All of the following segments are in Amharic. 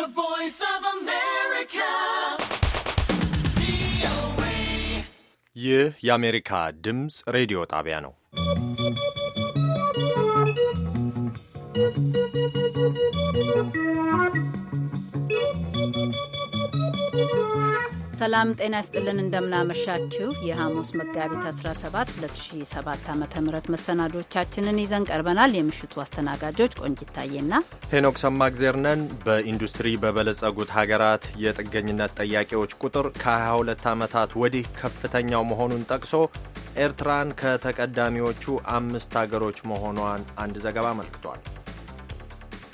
the voice of America. VOA. Yeah, America Dims Radio Taviano. ሰላም ጤና ይስጥልን። እንደምናመሻችሁ የሐሙስ መጋቢት 17 2007 ዓ ም መሰናዶቻችንን ይዘን ቀርበናል። የምሽቱ አስተናጋጆች ቆንጂታዬና ሄኖክ ሰማግዜርነን። በኢንዱስትሪ በበለጸጉት ሀገራት የጥገኝነት ጠያቄዎች ቁጥር ከ22 ዓመታት ወዲህ ከፍተኛው መሆኑን ጠቅሶ ኤርትራን ከተቀዳሚዎቹ አምስት ሀገሮች መሆኗን አንድ ዘገባ አመልክቷል።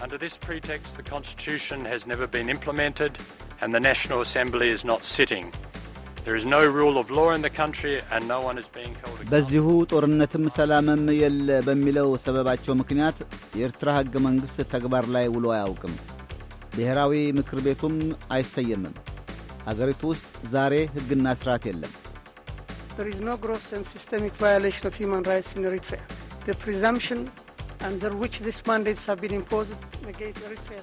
Under this pretext, the Constitution has never been implemented. and the National Assembly is not sitting. There is no rule of law in the country and no one is being held accountable. በዚሁ ጦርነትም ሰላምም የለ በሚለው ሰበባቸው ምክንያት የኤርትራ ሕገ መንግሥት ተግባር ላይ ውሎ አያውቅም። ብሔራዊ ምክር ቤቱም አይሰየምም። አገሪቱ ውስጥ ዛሬ ሕግና ስርዓት የለም። There is no gross and systemic violation of human rights in Eritrea. The presumption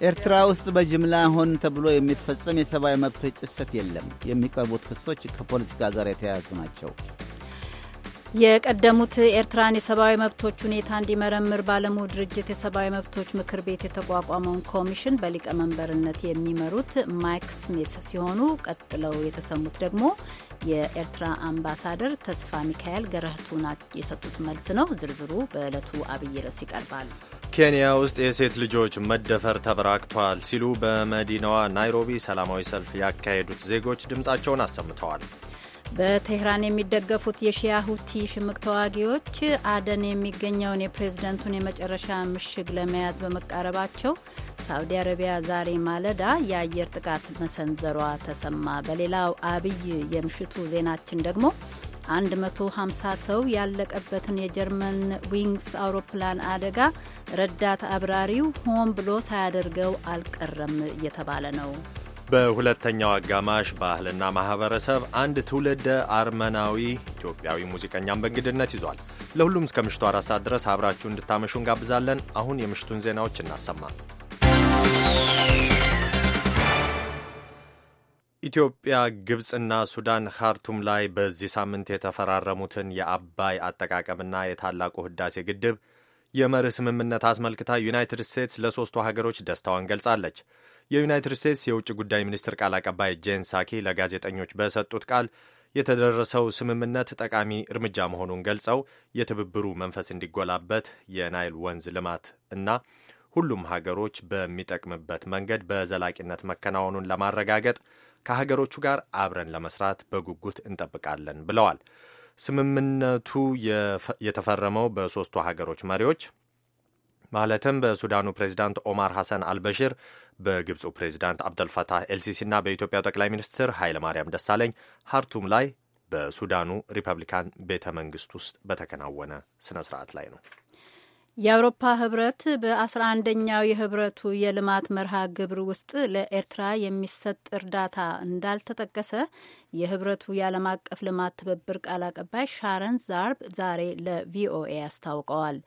ኤርትራ ውስጥ በጅምላ ሆን ተብሎ የሚፈጸም የሰብአዊ መብቶች ጥሰት የለም። የሚቀርቡት ክሶች ከፖለቲካ ጋር የተያያዙ ናቸው። የቀደሙት ኤርትራን የሰብአዊ መብቶች ሁኔታ እንዲመረምር ባለሙ ድርጅት የሰብአዊ መብቶች ምክር ቤት የተቋቋመውን ኮሚሽን በሊቀመንበርነት የሚመሩት ማይክ ስሚት ሲሆኑ ቀጥለው የተሰሙት ደግሞ የኤርትራ አምባሳደር ተስፋ ሚካኤል ገረህቱ የሰጡት መልስ ነው። ዝርዝሩ በዕለቱ አብይ ርዕስ ይቀርባል። ኬንያ ውስጥ የሴት ልጆች መደፈር ተበራክቷል ሲሉ በመዲናዋ ናይሮቢ ሰላማዊ ሰልፍ ያካሄዱት ዜጎች ድምፃቸውን አሰምተዋል። በቴህራን የሚደገፉት የሺያ ሁቲ ሽምቅ ተዋጊዎች አደን የሚገኘውን የፕሬዝደንቱን የመጨረሻ ምሽግ ለመያዝ በመቃረባቸው ሳውዲ አረቢያ ዛሬ ማለዳ የአየር ጥቃት መሰንዘሯ ተሰማ። በሌላው አብይ የምሽቱ ዜናችን ደግሞ 150 ሰው ያለቀበትን የጀርመን ዊንግስ አውሮፕላን አደጋ ረዳት አብራሪው ሆን ብሎ ሳያደርገው አልቀረም እየተባለ ነው። በሁለተኛው አጋማሽ ባህልና ማህበረሰብ አንድ ትውልደ አርመናዊ ኢትዮጵያዊ ሙዚቀኛን በእንግድነት ይዟል። ለሁሉም እስከ ምሽቱ አራት ሰዓት ድረስ አብራችሁ እንድታመሹ እንጋብዛለን። አሁን የምሽቱን ዜናዎች እናሰማ። ኢትዮጵያ ግብፅና ሱዳን ካርቱም ላይ በዚህ ሳምንት የተፈራረሙትን የአባይ አጠቃቀምና የታላቁ ህዳሴ ግድብ የመርህ ስምምነት አስመልክታ ዩናይትድ ስቴትስ ለሶስቱ ሀገሮች ደስታዋን ገልጻለች። የዩናይትድ ስቴትስ የውጭ ጉዳይ ሚኒስትር ቃል አቀባይ ጄን ሳኪ ለጋዜጠኞች በሰጡት ቃል የተደረሰው ስምምነት ጠቃሚ እርምጃ መሆኑን ገልጸው የትብብሩ መንፈስ እንዲጎላበት የናይል ወንዝ ልማት እና ሁሉም ሀገሮች በሚጠቅምበት መንገድ በዘላቂነት መከናወኑን ለማረጋገጥ ከሀገሮቹ ጋር አብረን ለመስራት በጉጉት እንጠብቃለን ብለዋል። ስምምነቱ የተፈረመው በሦስቱ ሀገሮች መሪዎች ማለትም በሱዳኑ ፕሬዚዳንት ኦማር ሐሰን አልበሽር፣ በግብፁ ፕሬዚዳንት አብደልፈታህ ኤልሲሲና በኢትዮጵያ ጠቅላይ ሚኒስትር ኃይለማርያም ደሳለኝ ሀርቱም ላይ በሱዳኑ ሪፐብሊካን ቤተ መንግስት ውስጥ በተከናወነ ስነ ስርዓት ላይ ነው። የአውሮፓ ህብረት በ 11 የህብረቱ የልማት መርሃ ግብር ውስጥ ለኤርትራ የሚሰጥ እርዳታ እንዳልተጠቀሰ የህብረቱ የዓለም አቀፍ ልማት ትብብር ቃል አቀባይ ሻረን ዛርብ ዛሬ ለቪኦኤ አስታውቀዋል።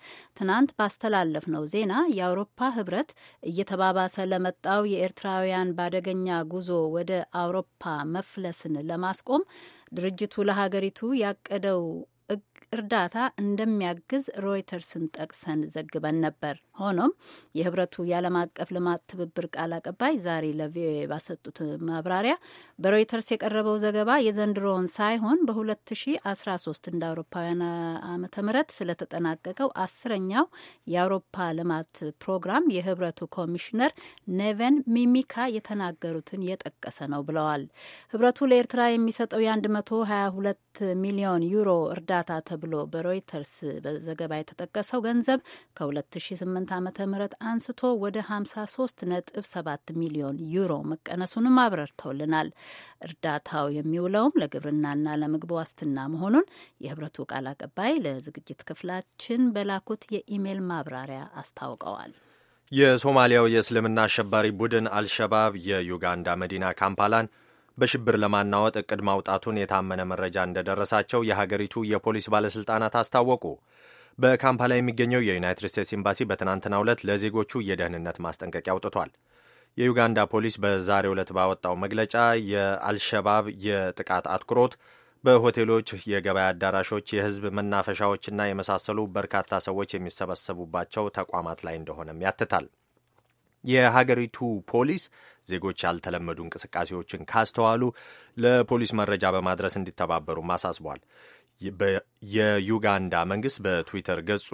ትናንት ባስተላለፍ ነው ዜና የአውሮፓ ህብረት እየተባባሰ ለመጣው የኤርትራውያን ባደገኛ ጉዞ ወደ አውሮፓ መፍለስን ለማስቆም ድርጅቱ ለሀገሪቱ ያቀደው እርዳታ እንደሚያግዝ ሮይተርስን ጠቅሰን ዘግበን ነበር። ሆኖም የህብረቱ የዓለም አቀፍ ልማት ትብብር ቃል አቀባይ ዛሬ ለቪኦኤ ባሰጡት ማብራሪያ በሮይተርስ የቀረበው ዘገባ የዘንድሮውን ሳይሆን በ2013 እንደ አውሮፓውያን ዓመተ ምህረት ስለተጠናቀቀው አስረኛው የአውሮፓ ልማት ፕሮግራም የህብረቱ ኮሚሽነር ኔቨን ሚሚካ የተናገሩትን የጠቀሰ ነው ብለዋል። ህብረቱ ለኤርትራ የሚሰጠው የ122 ሚሊዮን ዩሮ እርዳታ ተብሎ በሮይተርስ ዘገባ የተጠቀሰው ገንዘብ ከ2008 ዓ ም አንስቶ ወደ 53.7 ሚሊዮን ዩሮ መቀነሱንም አብረርተውልናል። እርዳታው የሚውለውም ለግብርናና ለምግብ ዋስትና መሆኑን የህብረቱ ቃል አቀባይ ለዝግጅት ክፍላችን በላኩት የኢሜይል ማብራሪያ አስታውቀዋል። የሶማሊያው የእስልምና አሸባሪ ቡድን አልሸባብ የዩጋንዳ መዲና ካምፓላን በሽብር ለማናወጥ እቅድ ማውጣቱን የታመነ መረጃ እንደደረሳቸው የሀገሪቱ የፖሊስ ባለሥልጣናት አስታወቁ። በካምፓላ የሚገኘው የዩናይትድ ስቴትስ ኤምባሲ በትናንትናው ዕለት ለዜጎቹ የደህንነት ማስጠንቀቂያ አውጥቷል። የዩጋንዳ ፖሊስ በዛሬ ዕለት ባወጣው መግለጫ የአልሸባብ የጥቃት አትኩሮት በሆቴሎች፣ የገበያ አዳራሾች፣ የህዝብ መናፈሻዎችና የመሳሰሉ በርካታ ሰዎች የሚሰበሰቡባቸው ተቋማት ላይ እንደሆነም ያትታል። የሀገሪቱ ፖሊስ ዜጎች ያልተለመዱ እንቅስቃሴዎችን ካስተዋሉ ለፖሊስ መረጃ በማድረስ እንዲተባበሩ አሳስቧል። የዩጋንዳ መንግስት በትዊተር ገጹ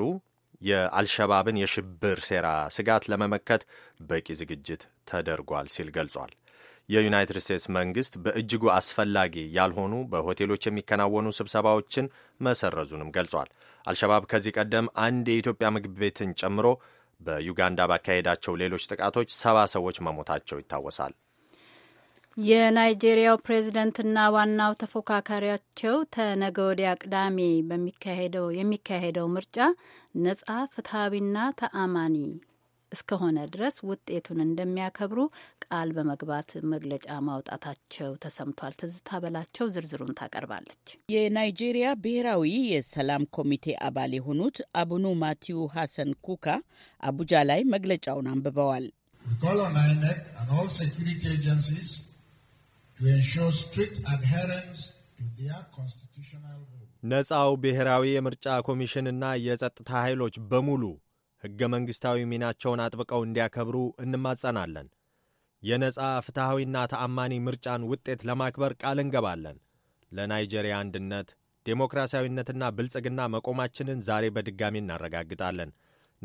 የአልሸባብን የሽብር ሴራ ስጋት ለመመከት በቂ ዝግጅት ተደርጓል ሲል ገልጿል። የዩናይትድ ስቴትስ መንግስት በእጅጉ አስፈላጊ ያልሆኑ በሆቴሎች የሚከናወኑ ስብሰባዎችን መሰረዙንም ገልጿል። አልሸባብ ከዚህ ቀደም አንድ የኢትዮጵያ ምግብ ቤትን ጨምሮ በዩጋንዳ ባካሄዳቸው ሌሎች ጥቃቶች ሰባ ሰዎች መሞታቸው ይታወሳል። የናይጄሪያው ፕሬዝደንትና ዋናው ተፎካካሪያቸው ተነገ ወዲያ ቅዳሜ በሚካሄደው የሚካሄደው ምርጫ ነጻ ፍትሐዊና ተአማኒ እስከሆነ ድረስ ውጤቱን እንደሚያከብሩ ቃል በመግባት መግለጫ ማውጣታቸው ተሰምቷል። ትዝታ በላቸው ዝርዝሩን ታቀርባለች። የናይጄሪያ ብሔራዊ የሰላም ኮሚቴ አባል የሆኑት አቡኑ ማቲዩ ሀሰን ኩካ አቡጃ ላይ መግለጫውን አንብበዋል። ነፃው ብሔራዊ የምርጫ ኮሚሽንና የጸጥታ ኃይሎች በሙሉ ሕገ መንግሥታዊ ሚናቸውን አጥብቀው እንዲያከብሩ እንማጸናለን። የነጻ ፍትሐዊና ተአማኒ ምርጫን ውጤት ለማክበር ቃል እንገባለን። ለናይጄሪያ አንድነት፣ ዴሞክራሲያዊነትና ብልጽግና መቆማችንን ዛሬ በድጋሚ እናረጋግጣለን።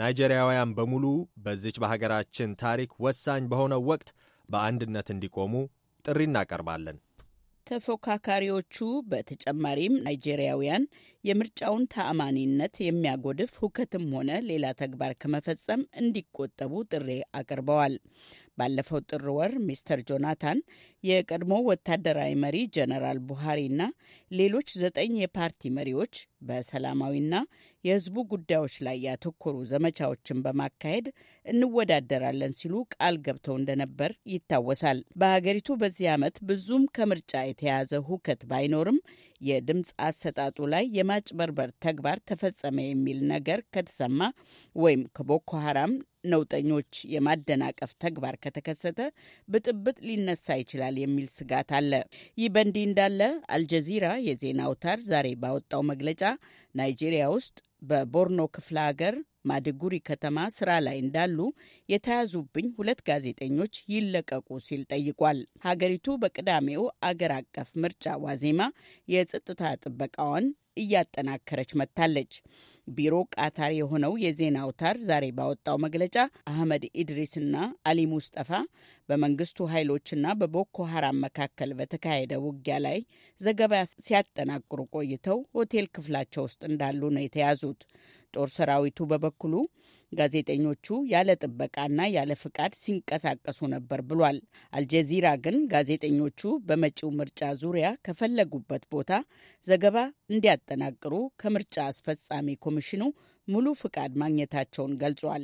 ናይጄሪያውያን በሙሉ በዚች በሀገራችን ታሪክ ወሳኝ በሆነው ወቅት በአንድነት እንዲቆሙ ጥሪ እናቀርባለን። ተፎካካሪዎቹ በተጨማሪም ናይጄሪያውያን የምርጫውን ተአማኒነት የሚያጎድፍ ሁከትም ሆነ ሌላ ተግባር ከመፈጸም እንዲቆጠቡ ጥሪ አቅርበዋል። ባለፈው ጥር ወር ሚስተር ጆናታን የቀድሞ ወታደራዊ መሪ ጀነራል እና ሌሎች ዘጠኝ የፓርቲ መሪዎች በሰላማዊና የህዝቡ ጉዳዮች ላይ ያተኮሩ ዘመቻዎችን በማካሄድ እንወዳደራለን ሲሉ ቃል ገብተው እንደነበር ይታወሳል። በሀገሪቱ በዚህ ዓመት ብዙም ከምርጫ የተያዘ ሁከት ባይኖርም የድምፅ አሰጣጡ ላይ የማጭበርበር ተግባር ተፈጸመ የሚል ነገር ከተሰማ ወይም ከቦኮ ሀራም ነውጠኞች የማደናቀፍ ተግባር ከተከሰተ ብጥብጥ ሊነሳ ይችላል የሚል ስጋት አለ። ይህ በእንዲህ እንዳለ አልጀዚራ የዜና አውታር ዛሬ ባወጣው መግለጫ ናይጄሪያ ውስጥ በቦርኖ ክፍለ ሀገር ማድጉሪ ከተማ ስራ ላይ እንዳሉ የተያዙብኝ ሁለት ጋዜጠኞች ይለቀቁ ሲል ጠይቋል። ሀገሪቱ በቅዳሜው አገር አቀፍ ምርጫ ዋዜማ የጸጥታ ጥበቃዋን እያጠናከረች መጥታለች። ቢሮ ቃታር የሆነው የዜና አውታር ዛሬ ባወጣው መግለጫ አህመድ ኢድሪስና አሊ ሙስጠፋ በመንግስቱ ኃይሎችና በቦኮ ሀራም መካከል በተካሄደ ውጊያ ላይ ዘገባ ሲያጠናቅሩ ቆይተው ሆቴል ክፍላቸው ውስጥ እንዳሉ ነው የተያዙት። ጦር ሰራዊቱ በበኩሉ ጋዜጠኞቹ ያለ ጥበቃና ያለ ፍቃድ ሲንቀሳቀሱ ነበር ብሏል። አልጀዚራ ግን ጋዜጠኞቹ በመጪው ምርጫ ዙሪያ ከፈለጉበት ቦታ ዘገባ እንዲያጠናቅሩ ከምርጫ አስፈጻሚ ኮሚሽኑ ሙሉ ፍቃድ ማግኘታቸውን ገልጿል።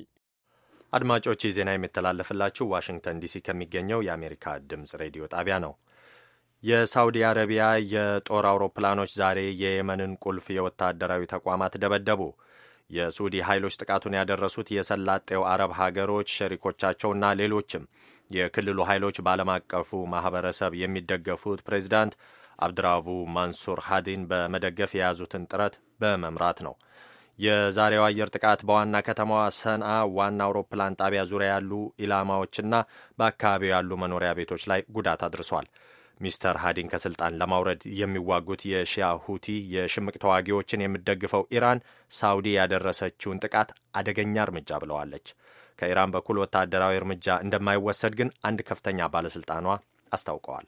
አድማጮች ይህ ዜና የሚተላለፍላችሁ ዋሽንግተን ዲሲ ከሚገኘው የአሜሪካ ድምፅ ሬዲዮ ጣቢያ ነው። የሳውዲ አረቢያ የጦር አውሮፕላኖች ዛሬ የየመንን ቁልፍ የወታደራዊ ተቋማት ደበደቡ። የሱዲ ኃይሎች ጥቃቱን ያደረሱት የሰላጤው አረብ ሀገሮች ሸሪኮቻቸውና ሌሎችም የክልሉ ኃይሎች በዓለም አቀፉ ማህበረሰብ የሚደገፉት ፕሬዚዳንት አብድራቡ ማንሱር ሃዲን በመደገፍ የያዙትን ጥረት በመምራት ነው። የዛሬው አየር ጥቃት በዋና ከተማዋ ሰንአ ዋና አውሮፕላን ጣቢያ ዙሪያ ያሉ ኢላማዎችና በአካባቢው ያሉ መኖሪያ ቤቶች ላይ ጉዳት አድርሷል። ሚስተር ሃዲን ከስልጣን ለማውረድ የሚዋጉት የሺያ ሁቲ የሽምቅ ተዋጊዎችን የምደግፈው ኢራን ሳውዲ ያደረሰችውን ጥቃት አደገኛ እርምጃ ብለዋለች። ከኢራን በኩል ወታደራዊ እርምጃ እንደማይወሰድ ግን አንድ ከፍተኛ ባለስልጣኗ አስታውቀዋል።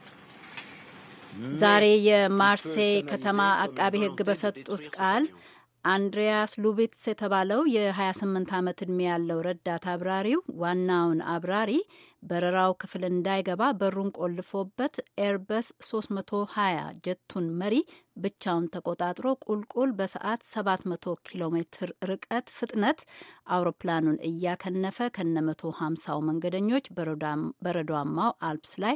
ዛሬ የማርሴይ ከተማ አቃቢ ሕግ በሰጡት ቃል አንድሪያስ ሉቤትስ የተባለው የ28 ዓመት ዕድሜ ያለው ረዳት አብራሪው ዋናውን አብራሪ በረራው ክፍል እንዳይገባ በሩን ቆልፎበት ኤርበስ 320 ጀቱን መሪ ብቻውን ተቆጣጥሮ ቁልቁል በሰዓት 700 ኪሎ ሜትር ርቀት ፍጥነት አውሮፕላኑን እያከነፈ ከነ 150ው መንገደኞች በረዷማው አልፕስ ላይ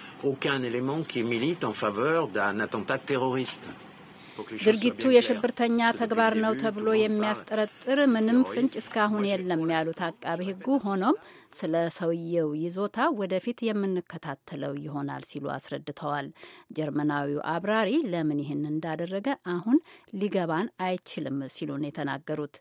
aucun élément qui milite en faveur d'un attentat terroriste. ድርጊቱ የሽብርተኛ ተግባር ነው ተብሎ የሚያስጠረጥር ምንም ፍንጭ እስካሁን የለም ያሉት አቃቢ ሕጉ ሆኖም ስለ ሰውየው ይዞታ ወደፊት የምንከታተለው ይሆናል ሲሉ አስረድተዋል። ጀርመናዊው አብራሪ ለምን ይህን እንዳደረገ አሁን ሊገባን አይችልም ሲሉ ነው የተናገሩት።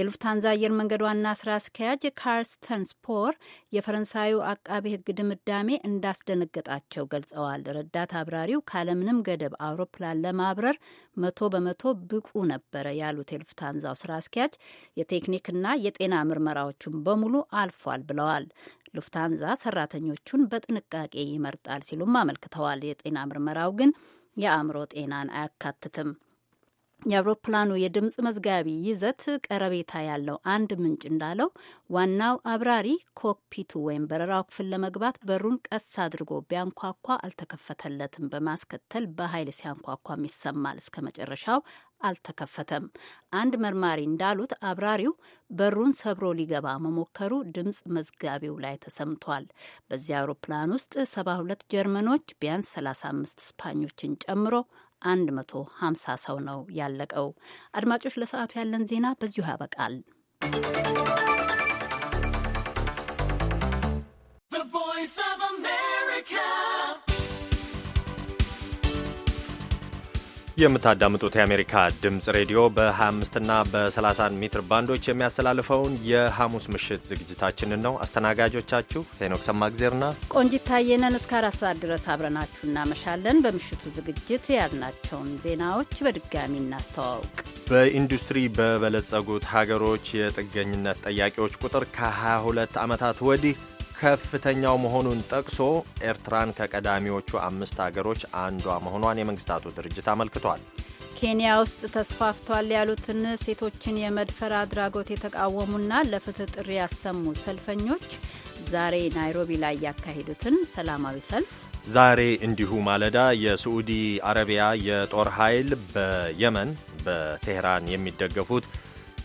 የሉፍታንዛ አየር መንገድ ዋና ስራ አስኪያጅ ካርስተን ስፖር የፈረንሳዩ አቃቤ ሕግ ድምዳሜ እንዳስደነገጣቸው ገልጸዋል። ረዳት አብራሪው ካለምንም ገደብ አውሮፕላን ለማብረር መቶ በመቶ ብቁ ነበረ ያሉት የሉፍታንዛው ስራ አስኪያጅ የቴክኒክና የጤና ምርመራዎቹን በሙሉ አልፏል ብለዋል። ገልጸዋል። ሉፍታንዛ ሰራተኞቹን በጥንቃቄ ይመርጣል ሲሉም አመልክተዋል። የጤና ምርመራው ግን የአእምሮ ጤናን አያካትትም። የአውሮፕላኑ የድምፅ መዝጋቢ ይዘት ቀረቤታ ያለው አንድ ምንጭ እንዳለው ዋናው አብራሪ ኮክፒቱ ወይም በረራው ክፍል ለመግባት በሩን ቀስ አድርጎ ቢያንኳኳ አልተከፈተለትም። በማስከተል በኃይል ሲያንኳኳም ይሰማል። እስከ መጨረሻው አልተከፈተም። አንድ መርማሪ እንዳሉት አብራሪው በሩን ሰብሮ ሊገባ መሞከሩ ድምፅ መዝጋቢው ላይ ተሰምቷል። በዚህ አውሮፕላን ውስጥ 72 ጀርመኖች ቢያንስ 35 ስፓኞችን ጨምሮ 150 ሰው ነው ያለቀው። አድማጮች፣ ለሰዓቱ ያለን ዜና በዚሁ ያበቃል። የምታዳምጡት የአሜሪካ ድምፅ ሬዲዮ በ25ና በ 30 ሜትር ባንዶች የሚያስተላልፈውን የሐሙስ ምሽት ዝግጅታችንን ነው። አስተናጋጆቻችሁ ሄኖክ ሰማግዜርና ቆንጂት ታየ እስከ አራት ሰዓት ድረስ አብረናችሁ እናመሻለን። በምሽቱ ዝግጅት የያዝናቸውን ዜናዎች በድጋሚ እናስተዋውቅ። በኢንዱስትሪ በበለጸጉት ሀገሮች የጥገኝነት ጠያቂዎች ቁጥር ከ22 ዓመታት ወዲህ ከፍተኛው መሆኑን ጠቅሶ ኤርትራን ከቀዳሚዎቹ አምስት አገሮች አንዷ መሆኗን የመንግስታቱ ድርጅት አመልክቷል። ኬንያ ውስጥ ተስፋፍቷል ያሉትን ሴቶችን የመድፈር አድራጎት የተቃወሙና ለፍትህ ጥሪ ያሰሙ ሰልፈኞች ዛሬ ናይሮቢ ላይ ያካሄዱትን ሰላማዊ ሰልፍ ዛሬ እንዲሁ ማለዳ የስዑዲ አረቢያ የጦር ኃይል በየመን በቴህራን የሚደገፉት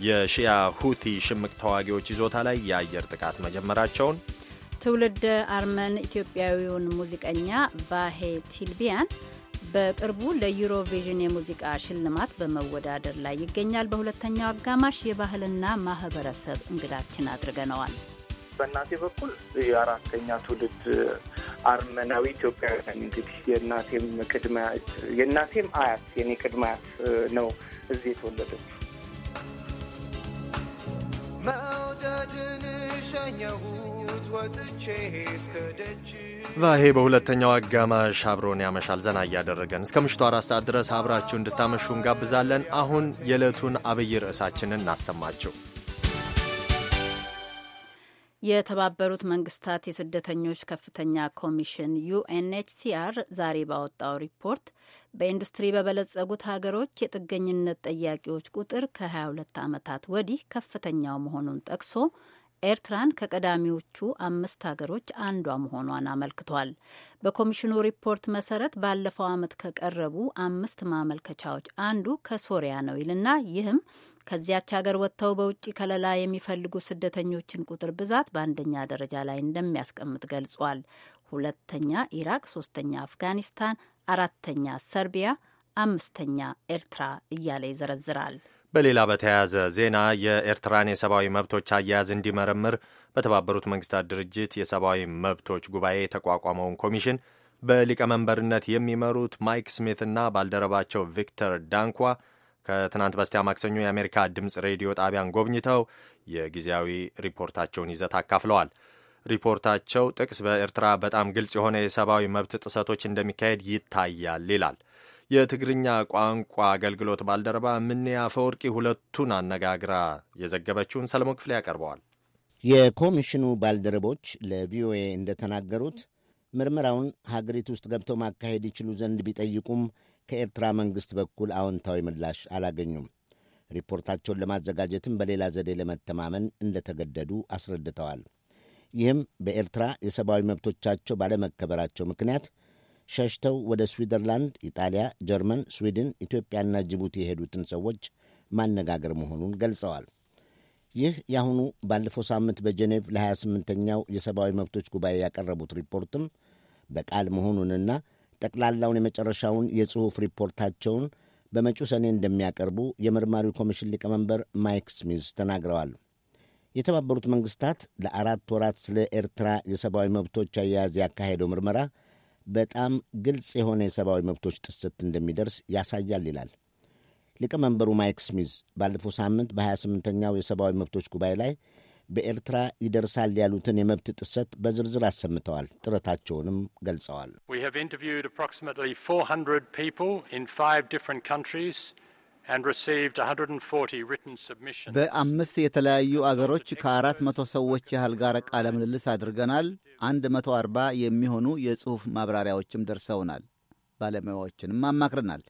የሺያ ሁቲ ሽምቅ ተዋጊዎች ይዞታ ላይ የአየር ጥቃት መጀመራቸውን ትውልድ አርመን ኢትዮጵያዊውን ሙዚቀኛ ባሄ ቲልቢያን በቅርቡ ለዩሮቪዥን የሙዚቃ ሽልማት በመወዳደር ላይ ይገኛል። በሁለተኛው አጋማሽ የባህልና ማህበረሰብ እንግዳችን አድርገነዋል። በእናቴ በኩል የአራተኛ ትውልድ አርመናዊ ኢትዮጵያውያን እንግዲህ የእናቴም ቅድመ የእናቴም አያት የኔ ቅድመ አያት ነው እዚህ የተወለደች ቫሄ በሁለተኛው አጋማሽ አብሮን ያመሻል። ዘና እያደረገን እስከ ምሽቱ አራት ሰዓት ድረስ አብራችሁ እንድታመሹ እንጋብዛለን። አሁን የዕለቱን አብይ ርዕሳችንን እናሰማችሁ። የተባበሩት መንግስታት የስደተኞች ከፍተኛ ኮሚሽን ዩኤንኤችሲአር ዛሬ ባወጣው ሪፖርት በኢንዱስትሪ በበለጸጉት ሀገሮች የጥገኝነት ጠያቂዎች ቁጥር ከ22 ዓመታት ወዲህ ከፍተኛው መሆኑን ጠቅሶ ኤርትራን ከቀዳሚዎቹ አምስት ሀገሮች አንዷ መሆኗን አመልክቷል። በኮሚሽኑ ሪፖርት መሰረት ባለፈው ዓመት ከቀረቡ አምስት ማመልከቻዎች አንዱ ከሶሪያ ነው ይልና ይህም ከዚያች ሀገር ወጥተው በውጭ ከለላ የሚፈልጉ ስደተኞችን ቁጥር ብዛት በአንደኛ ደረጃ ላይ እንደሚያስቀምጥ ገልጿል። ሁለተኛ ኢራቅ፣ ሶስተኛ አፍጋኒስታን፣ አራተኛ ሰርቢያ፣ አምስተኛ ኤርትራ እያለ ይዘረዝራል። በሌላ በተያያዘ ዜና የኤርትራን የሰብአዊ መብቶች አያያዝ እንዲመረምር በተባበሩት መንግስታት ድርጅት የሰብአዊ መብቶች ጉባኤ የተቋቋመውን ኮሚሽን በሊቀመንበርነት የሚመሩት ማይክ ስሚትና ባልደረባቸው ቪክተር ዳንኳ ከትናንት በስቲያ ማክሰኞ የአሜሪካ ድምፅ ሬዲዮ ጣቢያን ጎብኝተው የጊዜያዊ ሪፖርታቸውን ይዘት አካፍለዋል። ሪፖርታቸው ጥቅስ በኤርትራ በጣም ግልጽ የሆነ የሰብአዊ መብት ጥሰቶች እንደሚካሄድ ይታያል ይላል። የትግርኛ ቋንቋ አገልግሎት ባልደረባ ምንያ ፈወርቂ ሁለቱን አነጋግራ የዘገበችውን ሰለሞን ክፍሌ ያቀርበዋል። የኮሚሽኑ ባልደረቦች ለቪኦኤ እንደተናገሩት ምርመራውን ሀገሪቱ ውስጥ ገብተው ማካሄድ ይችሉ ዘንድ ቢጠይቁም ከኤርትራ መንግሥት በኩል አዎንታዊ ምላሽ አላገኙም። ሪፖርታቸውን ለማዘጋጀትም በሌላ ዘዴ ለመተማመን እንደተገደዱ አስረድተዋል። ይህም በኤርትራ የሰብአዊ መብቶቻቸው ባለመከበራቸው ምክንያት ሸሽተው ወደ ስዊዘርላንድ፣ ኢጣሊያ፣ ጀርመን፣ ስዊድን፣ ኢትዮጵያና ጅቡቲ የሄዱትን ሰዎች ማነጋገር መሆኑን ገልጸዋል። ይህ የአሁኑ ባለፈው ሳምንት በጄኔቭ ለ28ኛው የሰብአዊ መብቶች ጉባኤ ያቀረቡት ሪፖርትም በቃል መሆኑንና ጠቅላላውን የመጨረሻውን የጽሑፍ ሪፖርታቸውን በመጪው ሰኔ እንደሚያቀርቡ የመርማሪው ኮሚሽን ሊቀመንበር ማይክ ስሚዝ ተናግረዋል። የተባበሩት መንግሥታት ለአራት ወራት ስለ ኤርትራ የሰብአዊ መብቶች አያያዝ ያካሄደው ምርመራ በጣም ግልጽ የሆነ የሰብአዊ መብቶች ጥሰት እንደሚደርስ ያሳያል ይላል። ሊቀመንበሩ ማይክ ስሚዝ ባለፈው ሳምንት በ28ኛው የሰብአዊ መብቶች ጉባኤ ላይ በኤርትራ ይደርሳል ያሉትን የመብት ጥሰት በዝርዝር አሰምተዋል። ጥረታቸውንም ገልጸዋል። በአምስት የተለያዩ አገሮች ከአራት መቶ ሰዎች ያህል ጋር ቃለ ምልልስ አድርገናል። አንድ መቶ አርባ የሚሆኑ የጽሑፍ ማብራሪያዎችም ደርሰውናል። ባለሙያዎችንም አማክረናል።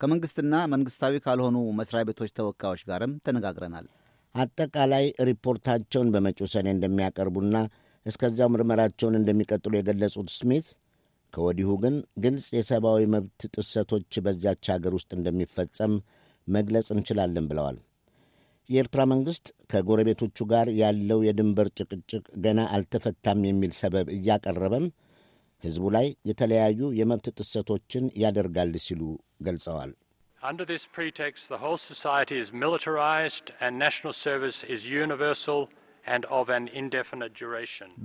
ከመንግሥትና መንግሥታዊ ካልሆኑ መስሪያ ቤቶች ተወካዮች ጋርም ተነጋግረናል። አጠቃላይ ሪፖርታቸውን በመጪው ሰኔ እንደሚያቀርቡና እስከዚያው ምርመራቸውን እንደሚቀጥሉ የገለጹት ስሚት ከወዲሁ ግን ግልጽ የሰብአዊ መብት ጥሰቶች በዚያች አገር ውስጥ እንደሚፈጸም መግለጽ እንችላለን ብለዋል። የኤርትራ መንግሥት ከጎረቤቶቹ ጋር ያለው የድንበር ጭቅጭቅ ገና አልተፈታም የሚል ሰበብ እያቀረበም ሕዝቡ ላይ የተለያዩ የመብት ጥሰቶችን ያደርጋል ሲሉ ገልጸዋል።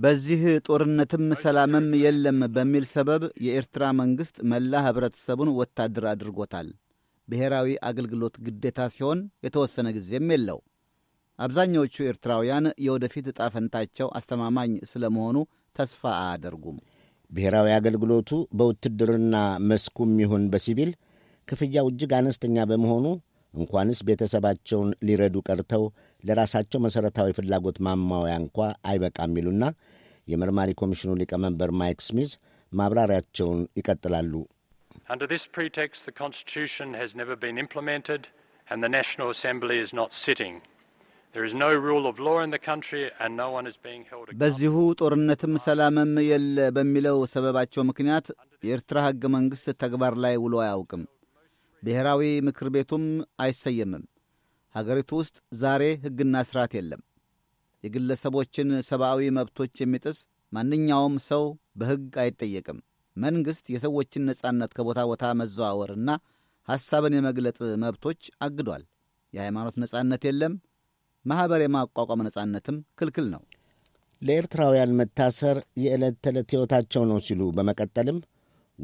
በዚህ ጦርነትም ሰላምም የለም በሚል ሰበብ የኤርትራ መንግሥት መላ ኅብረተሰቡን ወታደር አድርጎታል። ብሔራዊ አገልግሎት ግዴታ ሲሆን የተወሰነ ጊዜም የለው። አብዛኛዎቹ ኤርትራውያን የወደፊት ዕጣ ፈንታቸው አስተማማኝ ስለመሆኑ ተስፋ አያደርጉም። ብሔራዊ አገልግሎቱ በውትድርና መስኩም ይሁን በሲቪል ክፍያው እጅግ አነስተኛ በመሆኑ እንኳንስ ቤተሰባቸውን ሊረዱ ቀርተው ለራሳቸው መሠረታዊ ፍላጎት ማማውያ እንኳ አይበቃም ይሉና የመርማሪ ኮሚሽኑ ሊቀመንበር ማይክ ስሚዝ ማብራሪያቸውን ይቀጥላሉ። Under this pretext, the Constitution has never been implemented and the National Assembly is not sitting. There is no rule of law in the country and no one is being held accountable. በዚሁ ጦርነትም ሰላምም የለ በሚለው ሰበባቸው ምክንያት የኤርትራ ሕገ መንግሥት ተግባር ላይ ውሎ አያውቅም። ብሔራዊ ምክር ቤቱም አይሰየምም። ሀገሪቱ ውስጥ ዛሬ ሕግና ሥርዓት የለም። የግለሰቦችን ሰብአዊ መብቶች የሚጥስ ማንኛውም ሰው በሕግ አይጠየቅም። መንግሥት የሰዎችን ነጻነት ከቦታ ቦታ መዘዋወርና ሐሳብን የመግለጥ መብቶች አግዷል። የሃይማኖት ነጻነት የለም። ማኅበር የማቋቋም ነጻነትም ክልክል ነው። ለኤርትራውያን መታሰር የዕለት ተዕለት ሕይወታቸው ነው ሲሉ በመቀጠልም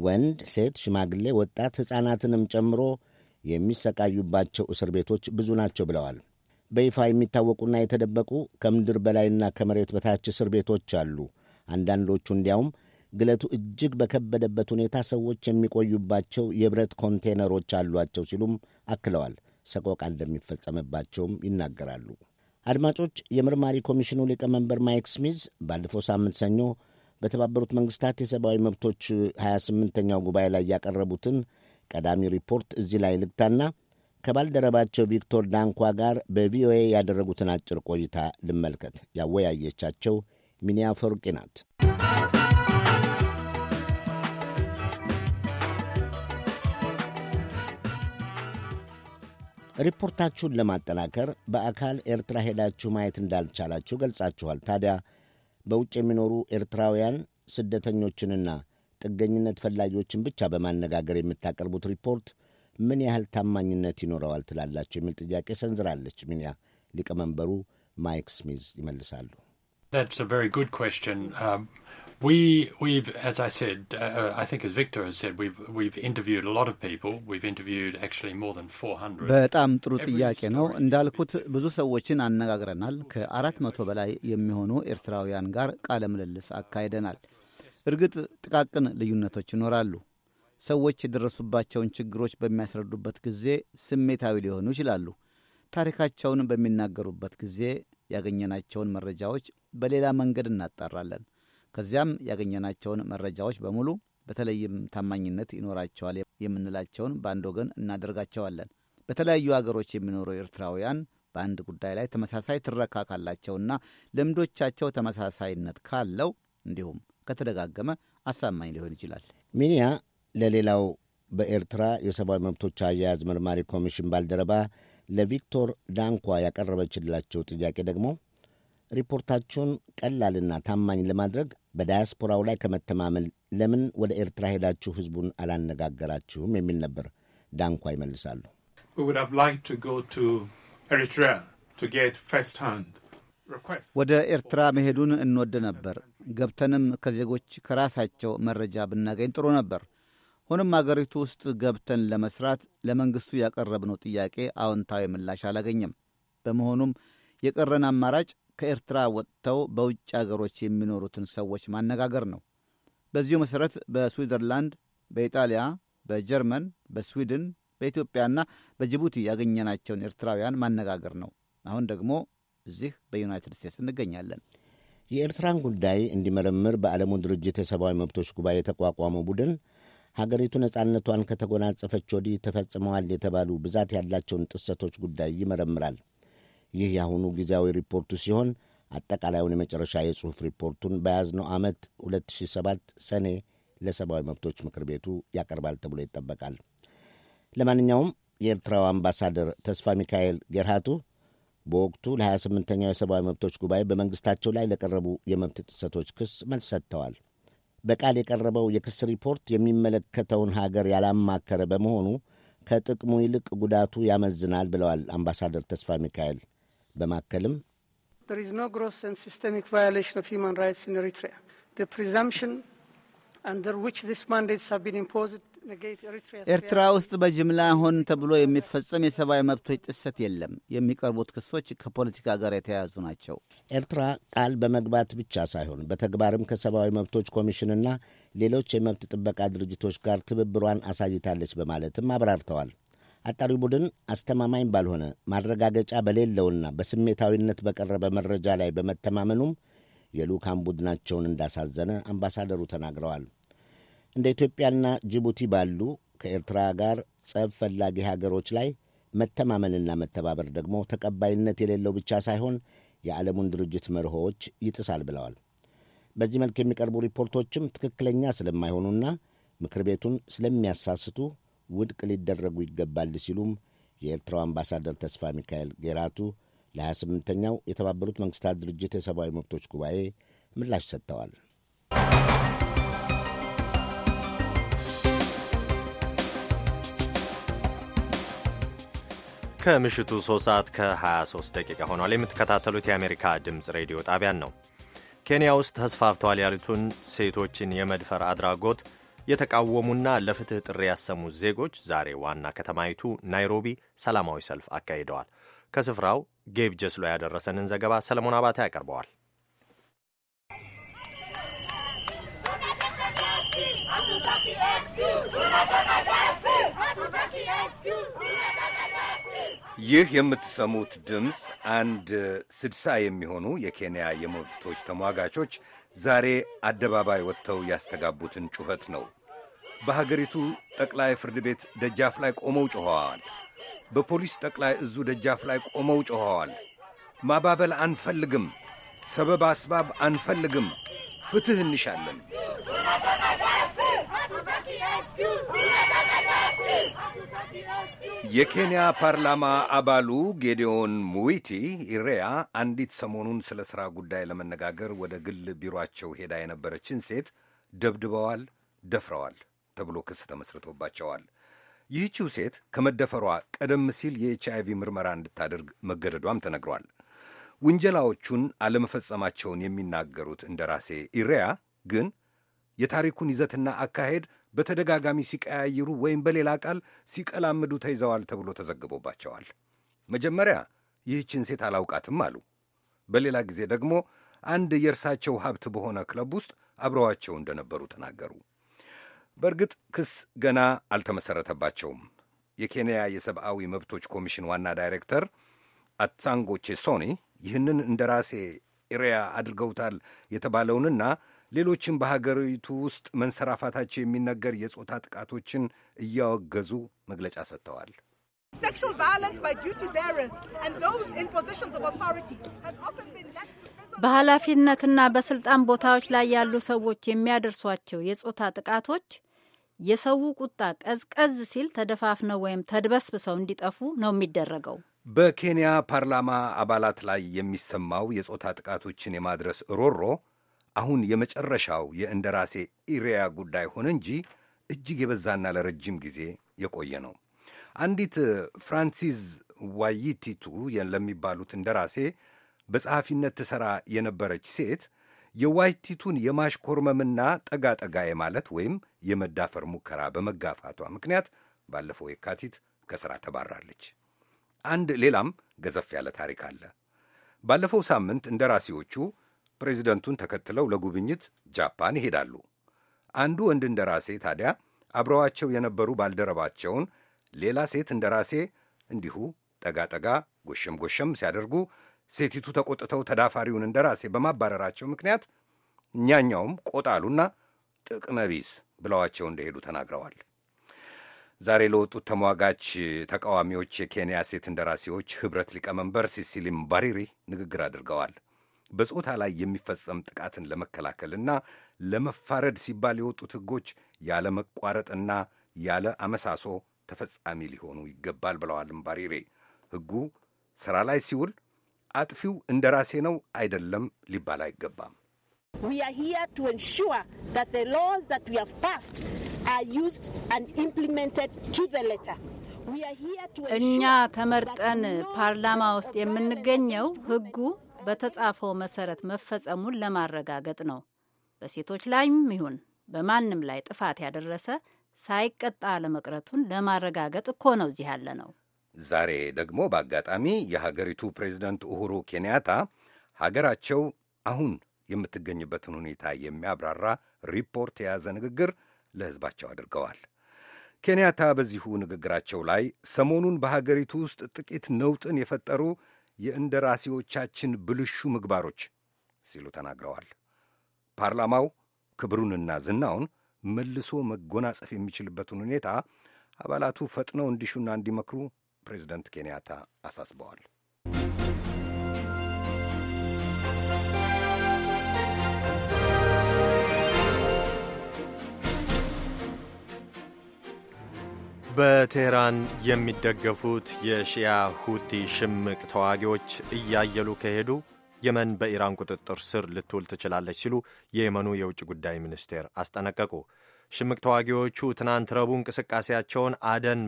ወንድ፣ ሴት፣ ሽማግሌ፣ ወጣት ሕፃናትንም ጨምሮ የሚሰቃዩባቸው እስር ቤቶች ብዙ ናቸው ብለዋል። በይፋ የሚታወቁና የተደበቁ ከምድር በላይና ከመሬት በታች እስር ቤቶች አሉ። አንዳንዶቹ እንዲያውም ግለቱ እጅግ በከበደበት ሁኔታ ሰዎች የሚቆዩባቸው የብረት ኮንቴነሮች አሏቸው ሲሉም አክለዋል። ሰቆቃ እንደሚፈጸምባቸውም ይናገራሉ። አድማጮች፣ የምርማሪ ኮሚሽኑ ሊቀመንበር ማይክ ስሚዝ ባለፈው ሳምንት ሰኞ በተባበሩት መንግስታት የሰብአዊ መብቶች 28ኛው ጉባኤ ላይ ያቀረቡትን ቀዳሚ ሪፖርት እዚህ ላይ ልግታና ከባልደረባቸው ቪክቶር ዳንኳ ጋር በቪኦኤ ያደረጉትን አጭር ቆይታ ልመልከት። ያወያየቻቸው ሚኒያ ፈርቂ ናት። ሪፖርታችሁን ለማጠናከር በአካል ኤርትራ ሄዳችሁ ማየት እንዳልቻላችሁ ገልጻችኋል። ታዲያ በውጭ የሚኖሩ ኤርትራውያን ስደተኞችንና ጥገኝነት ፈላጊዎችን ብቻ በማነጋገር የምታቀርቡት ሪፖርት ምን ያህል ታማኝነት ይኖረዋል ትላላችሁ? የሚል ጥያቄ ሰንዝራለች ሚኒያ። ሊቀመንበሩ ማይክ ስሚዝ ይመልሳሉ። We we've, as I said, uh, uh, I think as Victor has said, we've we've interviewed a lot of people. We've interviewed actually more than 400. በጣም ጥሩ ጥያቄ ነው። እንዳልኩት ብዙ ሰዎችን አነጋግረናል። ከአራት መቶ በላይ የሚሆኑ ኤርትራውያን ጋር ቃለ ምልልስ አካሂደናል። እርግጥ ጥቃቅን ልዩነቶች ይኖራሉ። ሰዎች የደረሱባቸውን ችግሮች በሚያስረዱበት ጊዜ ስሜታዊ ሊሆኑ ይችላሉ። ታሪካቸውን በሚናገሩበት ጊዜ ያገኘናቸውን መረጃዎች በሌላ መንገድ እናጣራለን። ከዚያም ያገኘናቸውን መረጃዎች በሙሉ በተለይም ታማኝነት ይኖራቸዋል የምንላቸውን በአንድ ወገን እናደርጋቸዋለን። በተለያዩ አገሮች የሚኖሩ ኤርትራውያን በአንድ ጉዳይ ላይ ተመሳሳይ ትረካ ካላቸውና ልምዶቻቸው ተመሳሳይነት ካለው እንዲሁም ከተደጋገመ አሳማኝ ሊሆን ይችላል። ሚኒያ ለሌላው በኤርትራ የሰብአዊ መብቶች አያያዝ መርማሪ ኮሚሽን ባልደረባ ለቪክቶር ዳንኳ ያቀረበችላቸው ጥያቄ ደግሞ ሪፖርታቸውን ቀላልና ታማኝ ለማድረግ በዳያስፖራው ላይ ከመተማመን ለምን ወደ ኤርትራ ሄዳችሁ ህዝቡን አላነጋገራችሁም የሚል ነበር። ዳንኳ ይመልሳሉ። ወደ ኤርትራ መሄዱን እንወድ ነበር። ገብተንም ከዜጎች ከራሳቸው መረጃ ብናገኝ ጥሩ ነበር። ሆኖም አገሪቱ ውስጥ ገብተን ለመስራት ለመንግሥቱ ያቀረብነው ጥያቄ አዎንታዊ ምላሽ አላገኘም። በመሆኑም የቀረን አማራጭ ከኤርትራ ወጥተው በውጭ አገሮች የሚኖሩትን ሰዎች ማነጋገር ነው። በዚሁ መሠረት በስዊዘርላንድ፣ በኢጣሊያ፣ በጀርመን፣ በስዊድን፣ በኢትዮጵያና በጅቡቲ ያገኘናቸውን ኤርትራውያን ማነጋገር ነው። አሁን ደግሞ እዚህ በዩናይትድ ስቴትስ እንገኛለን። የኤርትራን ጉዳይ እንዲመረምር በዓለሙ ድርጅት የሰብአዊ መብቶች ጉባኤ የተቋቋመው ቡድን ሀገሪቱ ነጻነቷን ከተጎናጸፈች ወዲህ ተፈጽመዋል የተባሉ ብዛት ያላቸውን ጥሰቶች ጉዳይ ይመረምራል። ይህ የአሁኑ ጊዜያዊ ሪፖርቱ ሲሆን አጠቃላዩን የመጨረሻ የጽሑፍ ሪፖርቱን በያዝነው ዓመት 2007 ሰኔ ለሰብአዊ መብቶች ምክር ቤቱ ያቀርባል ተብሎ ይጠበቃል። ለማንኛውም የኤርትራው አምባሳደር ተስፋ ሚካኤል ጌርሃቱ በወቅቱ ለ28ኛው የሰብአዊ መብቶች ጉባኤ በመንግሥታቸው ላይ ለቀረቡ የመብት ጥሰቶች ክስ መልስ ሰጥተዋል። በቃል የቀረበው የክስ ሪፖርት የሚመለከተውን ሀገር ያላማከረ በመሆኑ ከጥቅሙ ይልቅ ጉዳቱ ያመዝናል ብለዋል አምባሳደር ተስፋ ሚካኤል በማከልም ኤርትራ ውስጥ በጅምላ ሆን ተብሎ የሚፈጸም የሰብአዊ መብቶች ጥሰት የለም። የሚቀርቡት ክሶች ከፖለቲካ ጋር የተያያዙ ናቸው። ኤርትራ ቃል በመግባት ብቻ ሳይሆን በተግባርም ከሰብአዊ መብቶች ኮሚሽንና ሌሎች የመብት ጥበቃ ድርጅቶች ጋር ትብብሯን አሳይታለች በማለትም አብራርተዋል። አጣሪ ቡድን አስተማማኝ ባልሆነ ማረጋገጫ በሌለውና በስሜታዊነት በቀረበ መረጃ ላይ በመተማመኑም የልዑካን ቡድናቸውን እንዳሳዘነ አምባሳደሩ ተናግረዋል። እንደ ኢትዮጵያና ጅቡቲ ባሉ ከኤርትራ ጋር ጸብ ፈላጊ ሀገሮች ላይ መተማመንና መተባበር ደግሞ ተቀባይነት የሌለው ብቻ ሳይሆን የዓለሙን ድርጅት መርሆዎች ይጥሳል ብለዋል። በዚህ መልክ የሚቀርቡ ሪፖርቶችም ትክክለኛ ስለማይሆኑና ምክር ቤቱን ስለሚያሳስቱ ውድቅ ሊደረጉ ይገባል ሲሉም የኤርትራው አምባሳደር ተስፋ ሚካኤል ጌራቱ ለ28ኛው የተባበሩት መንግስታት ድርጅት የሰብአዊ መብቶች ጉባኤ ምላሽ ሰጥተዋል። ከምሽቱ 3 ሰዓት ከ23 ደቂቃ ሆኗል። የምትከታተሉት የአሜሪካ ድምፅ ሬዲዮ ጣቢያን ነው። ኬንያ ውስጥ ተስፋፍተዋል ያሉትን ሴቶችን የመድፈር አድራጎት የተቃወሙና ለፍትህ ጥሪ ያሰሙ ዜጎች ዛሬ ዋና ከተማይቱ ናይሮቢ ሰላማዊ ሰልፍ አካሂደዋል። ከስፍራው ጌብ ጀስሎ ያደረሰንን ዘገባ ሰለሞን አባተ ያቀርበዋል። ይህ የምትሰሙት ድምፅ አንድ ስድሳ የሚሆኑ የኬንያ የመብቶች ተሟጋቾች ዛሬ አደባባይ ወጥተው ያስተጋቡትን ጩኸት ነው። በሀገሪቱ ጠቅላይ ፍርድ ቤት ደጃፍ ላይ ቆመው ጮኸዋል። በፖሊስ ጠቅላይ እዙ ደጃፍ ላይ ቆመው ጮኸዋል። ማባበል አንፈልግም፣ ሰበብ አስባብ አንፈልግም፣ ፍትህ እንሻለን። የኬንያ ፓርላማ አባሉ ጌዲዮን ሙዊቲ ኢሬያ አንዲት ሰሞኑን ስለ ሥራ ጉዳይ ለመነጋገር ወደ ግል ቢሮአቸው ሄዳ የነበረችን ሴት ደብድበዋል፣ ደፍረዋል። ተብሎ ክስ ተመስርቶባቸዋል። ይህችው ሴት ከመደፈሯ ቀደም ሲል የኤች አይቪ ምርመራ እንድታደርግ መገደዷም ተነግሯል። ውንጀላዎቹን አለመፈጸማቸውን የሚናገሩት እንደራሴ ኢሬያ ግን የታሪኩን ይዘትና አካሄድ በተደጋጋሚ ሲቀያይሩ ወይም በሌላ ቃል ሲቀላምዱ ተይዘዋል ተብሎ ተዘግቦባቸዋል። መጀመሪያ ይህችን ሴት አላውቃትም አሉ። በሌላ ጊዜ ደግሞ አንድ የእርሳቸው ሀብት በሆነ ክለብ ውስጥ አብረዋቸው እንደነበሩ ተናገሩ። በእርግጥ ክስ ገና አልተመሰረተባቸውም። የኬንያ የሰብአዊ መብቶች ኮሚሽን ዋና ዳይሬክተር አትሳንጎ ቼሶኒ ይህንን እንደራሴ ኢሪያ አድርገውታል የተባለውንና ሌሎችም በሀገሪቱ ውስጥ መንሰራፋታቸው የሚነገር የጾታ ጥቃቶችን እያወገዙ መግለጫ ሰጥተዋል። በኃላፊነትና በስልጣን ቦታዎች ላይ ያሉ ሰዎች የሚያደርሷቸው የጾታ ጥቃቶች የሰው ቁጣ ቀዝቀዝ ሲል ተደፋፍነው ወይም ተድበስብሰው እንዲጠፉ ነው የሚደረገው። በኬንያ ፓርላማ አባላት ላይ የሚሰማው የጾታ ጥቃቶችን የማድረስ ሮሮ አሁን የመጨረሻው የእንደራሴ ኢሪያ ጉዳይ ሆነ እንጂ እጅግ የበዛና ለረጅም ጊዜ የቆየ ነው። አንዲት ፍራንሲዝ ዋይቲቱ ለሚባሉት እንደራሴ በጸሐፊነት ትሠራ የነበረች ሴት የዋይቲቱን የማሽኮርመምና ጠጋ ጠጋ የማለት ወይም የመዳፈር ሙከራ በመጋፋቷ ምክንያት ባለፈው የካቲት ከሥራ ተባራለች። አንድ ሌላም ገዘፍ ያለ ታሪክ አለ። ባለፈው ሳምንት እንደራሲዎቹ ፕሬዚደንቱን ተከትለው ለጉብኝት ጃፓን ይሄዳሉ። አንዱ ወንድ እንደራሴ ታዲያ አብረዋቸው የነበሩ ባልደረባቸውን ሌላ ሴት እንደራሴ እንዲሁ ጠጋ ጠጋ ጎሸም ጎሸም ሲያደርጉ ሴቲቱ ተቆጥተው ተዳፋሪውን ራሴ በማባረራቸው ምክንያት እኛኛውም ቆጣሉና ጥቅመቢስ ብለዋቸው እንደሄዱ ተናግረዋል። ዛሬ ለወጡት ተሟጋች ተቃዋሚዎች የኬንያ ሴት እንደራሴዎች ህብረት ሊቀመንበር ሲሲሊ ምባሪሪ ንግግር አድርገዋል። በጾታ ላይ የሚፈጸም ጥቃትን ለመከላከልና ለመፋረድ ሲባል የወጡት ህጎች ያለ መቋረጥና ያለ አመሳሶ ተፈጻሚ ሊሆኑ ይገባል ብለዋል ምባሪሪ። ህጉ ሥራ ላይ ሲውል አጥፊው እንደ ራሴ ነው አይደለም ሊባል አይገባም። We are here to ensure that the laws that we have passed are used and implemented to the letter. እኛ ተመርጠን ፓርላማ ውስጥ የምንገኘው ሕጉ በተጻፈው መሰረት መፈጸሙን ለማረጋገጥ ነው። በሴቶች ላይም ይሁን በማንም ላይ ጥፋት ያደረሰ ሳይቀጣ ለመቅረቱን ለማረጋገጥ እኮ ነው እዚህ ያለ ነው። ዛሬ ደግሞ በአጋጣሚ የሀገሪቱ ፕሬዚደንት ኡሁሩ ኬንያታ ሀገራቸው አሁን የምትገኝበትን ሁኔታ የሚያብራራ ሪፖርት የያዘ ንግግር ለሕዝባቸው አድርገዋል። ኬንያታ በዚሁ ንግግራቸው ላይ ሰሞኑን በሀገሪቱ ውስጥ ጥቂት ነውጥን የፈጠሩ የእንደራሴዎቻችን ብልሹ ምግባሮች ሲሉ ተናግረዋል። ፓርላማው ክብሩንና ዝናውን መልሶ መጎናጸፍ የሚችልበትን ሁኔታ አባላቱ ፈጥነው እንዲሹና እንዲመክሩ ፕሬዚደንት ኬንያታ አሳስበዋል። በቴህራን የሚደገፉት የሺያ ሁቲ ሽምቅ ተዋጊዎች እያየሉ ከሄዱ የመን በኢራን ቁጥጥር ስር ልትውል ትችላለች ሲሉ የየመኑ የውጭ ጉዳይ ሚኒስቴር አስጠነቀቁ። ሽምቅ ተዋጊዎቹ ትናንት ረቡዕ እንቅስቃሴያቸውን አደን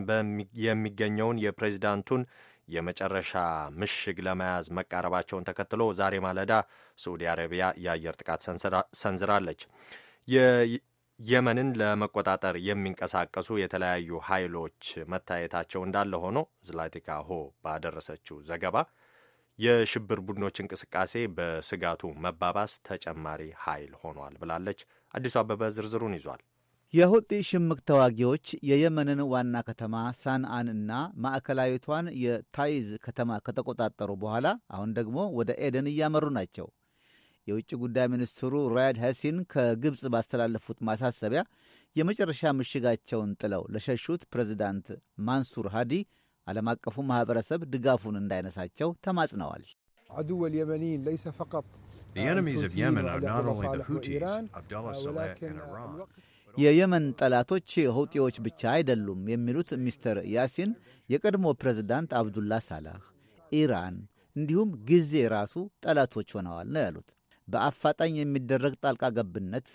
የሚገኘውን የፕሬዚዳንቱን የመጨረሻ ምሽግ ለመያዝ መቃረባቸውን ተከትሎ ዛሬ ማለዳ ሳዑዲ አረቢያ የአየር ጥቃት ሰንዝራለች። የመንን ለመቆጣጠር የሚንቀሳቀሱ የተለያዩ ኃይሎች መታየታቸው እንዳለ ሆኖ ዝላቲካ ሆ ባደረሰችው ዘገባ የሽብር ቡድኖች እንቅስቃሴ በስጋቱ መባባስ ተጨማሪ ኃይል ሆኗል ብላለች። አዲሱ አበበ ዝርዝሩን ይዟል። የሁጢ ሽምቅ ተዋጊዎች የየመንን ዋና ከተማ ሳንአን እና ማዕከላዊቷን የታይዝ ከተማ ከተቆጣጠሩ በኋላ አሁን ደግሞ ወደ ኤደን እያመሩ ናቸው። የውጭ ጉዳይ ሚኒስትሩ ራያድ ሐሲን ከግብፅ ባስተላለፉት ማሳሰቢያ የመጨረሻ ምሽጋቸውን ጥለው ለሸሹት ፕሬዚዳንት ማንሱር ሃዲ ዓለም አቀፉ ማኅበረሰብ ድጋፉን እንዳይነሳቸው ተማጽነዋል። The enemies of Yemen are not only the Houthis, Abdullah Saleh and Iran. የየመን ጠላቶች ሁጢዎች ብቻ አይደሉም የሚሉት ሚስተር ያሲን የቀድሞ ፕሬዝዳንት አብዱላ ሳላህ፣ ኢራን እንዲሁም ጊዜ ራሱ ጠላቶች ሆነዋል ነው ያሉት። በአፋጣኝ የሚደረግ ጣልቃ ገብነት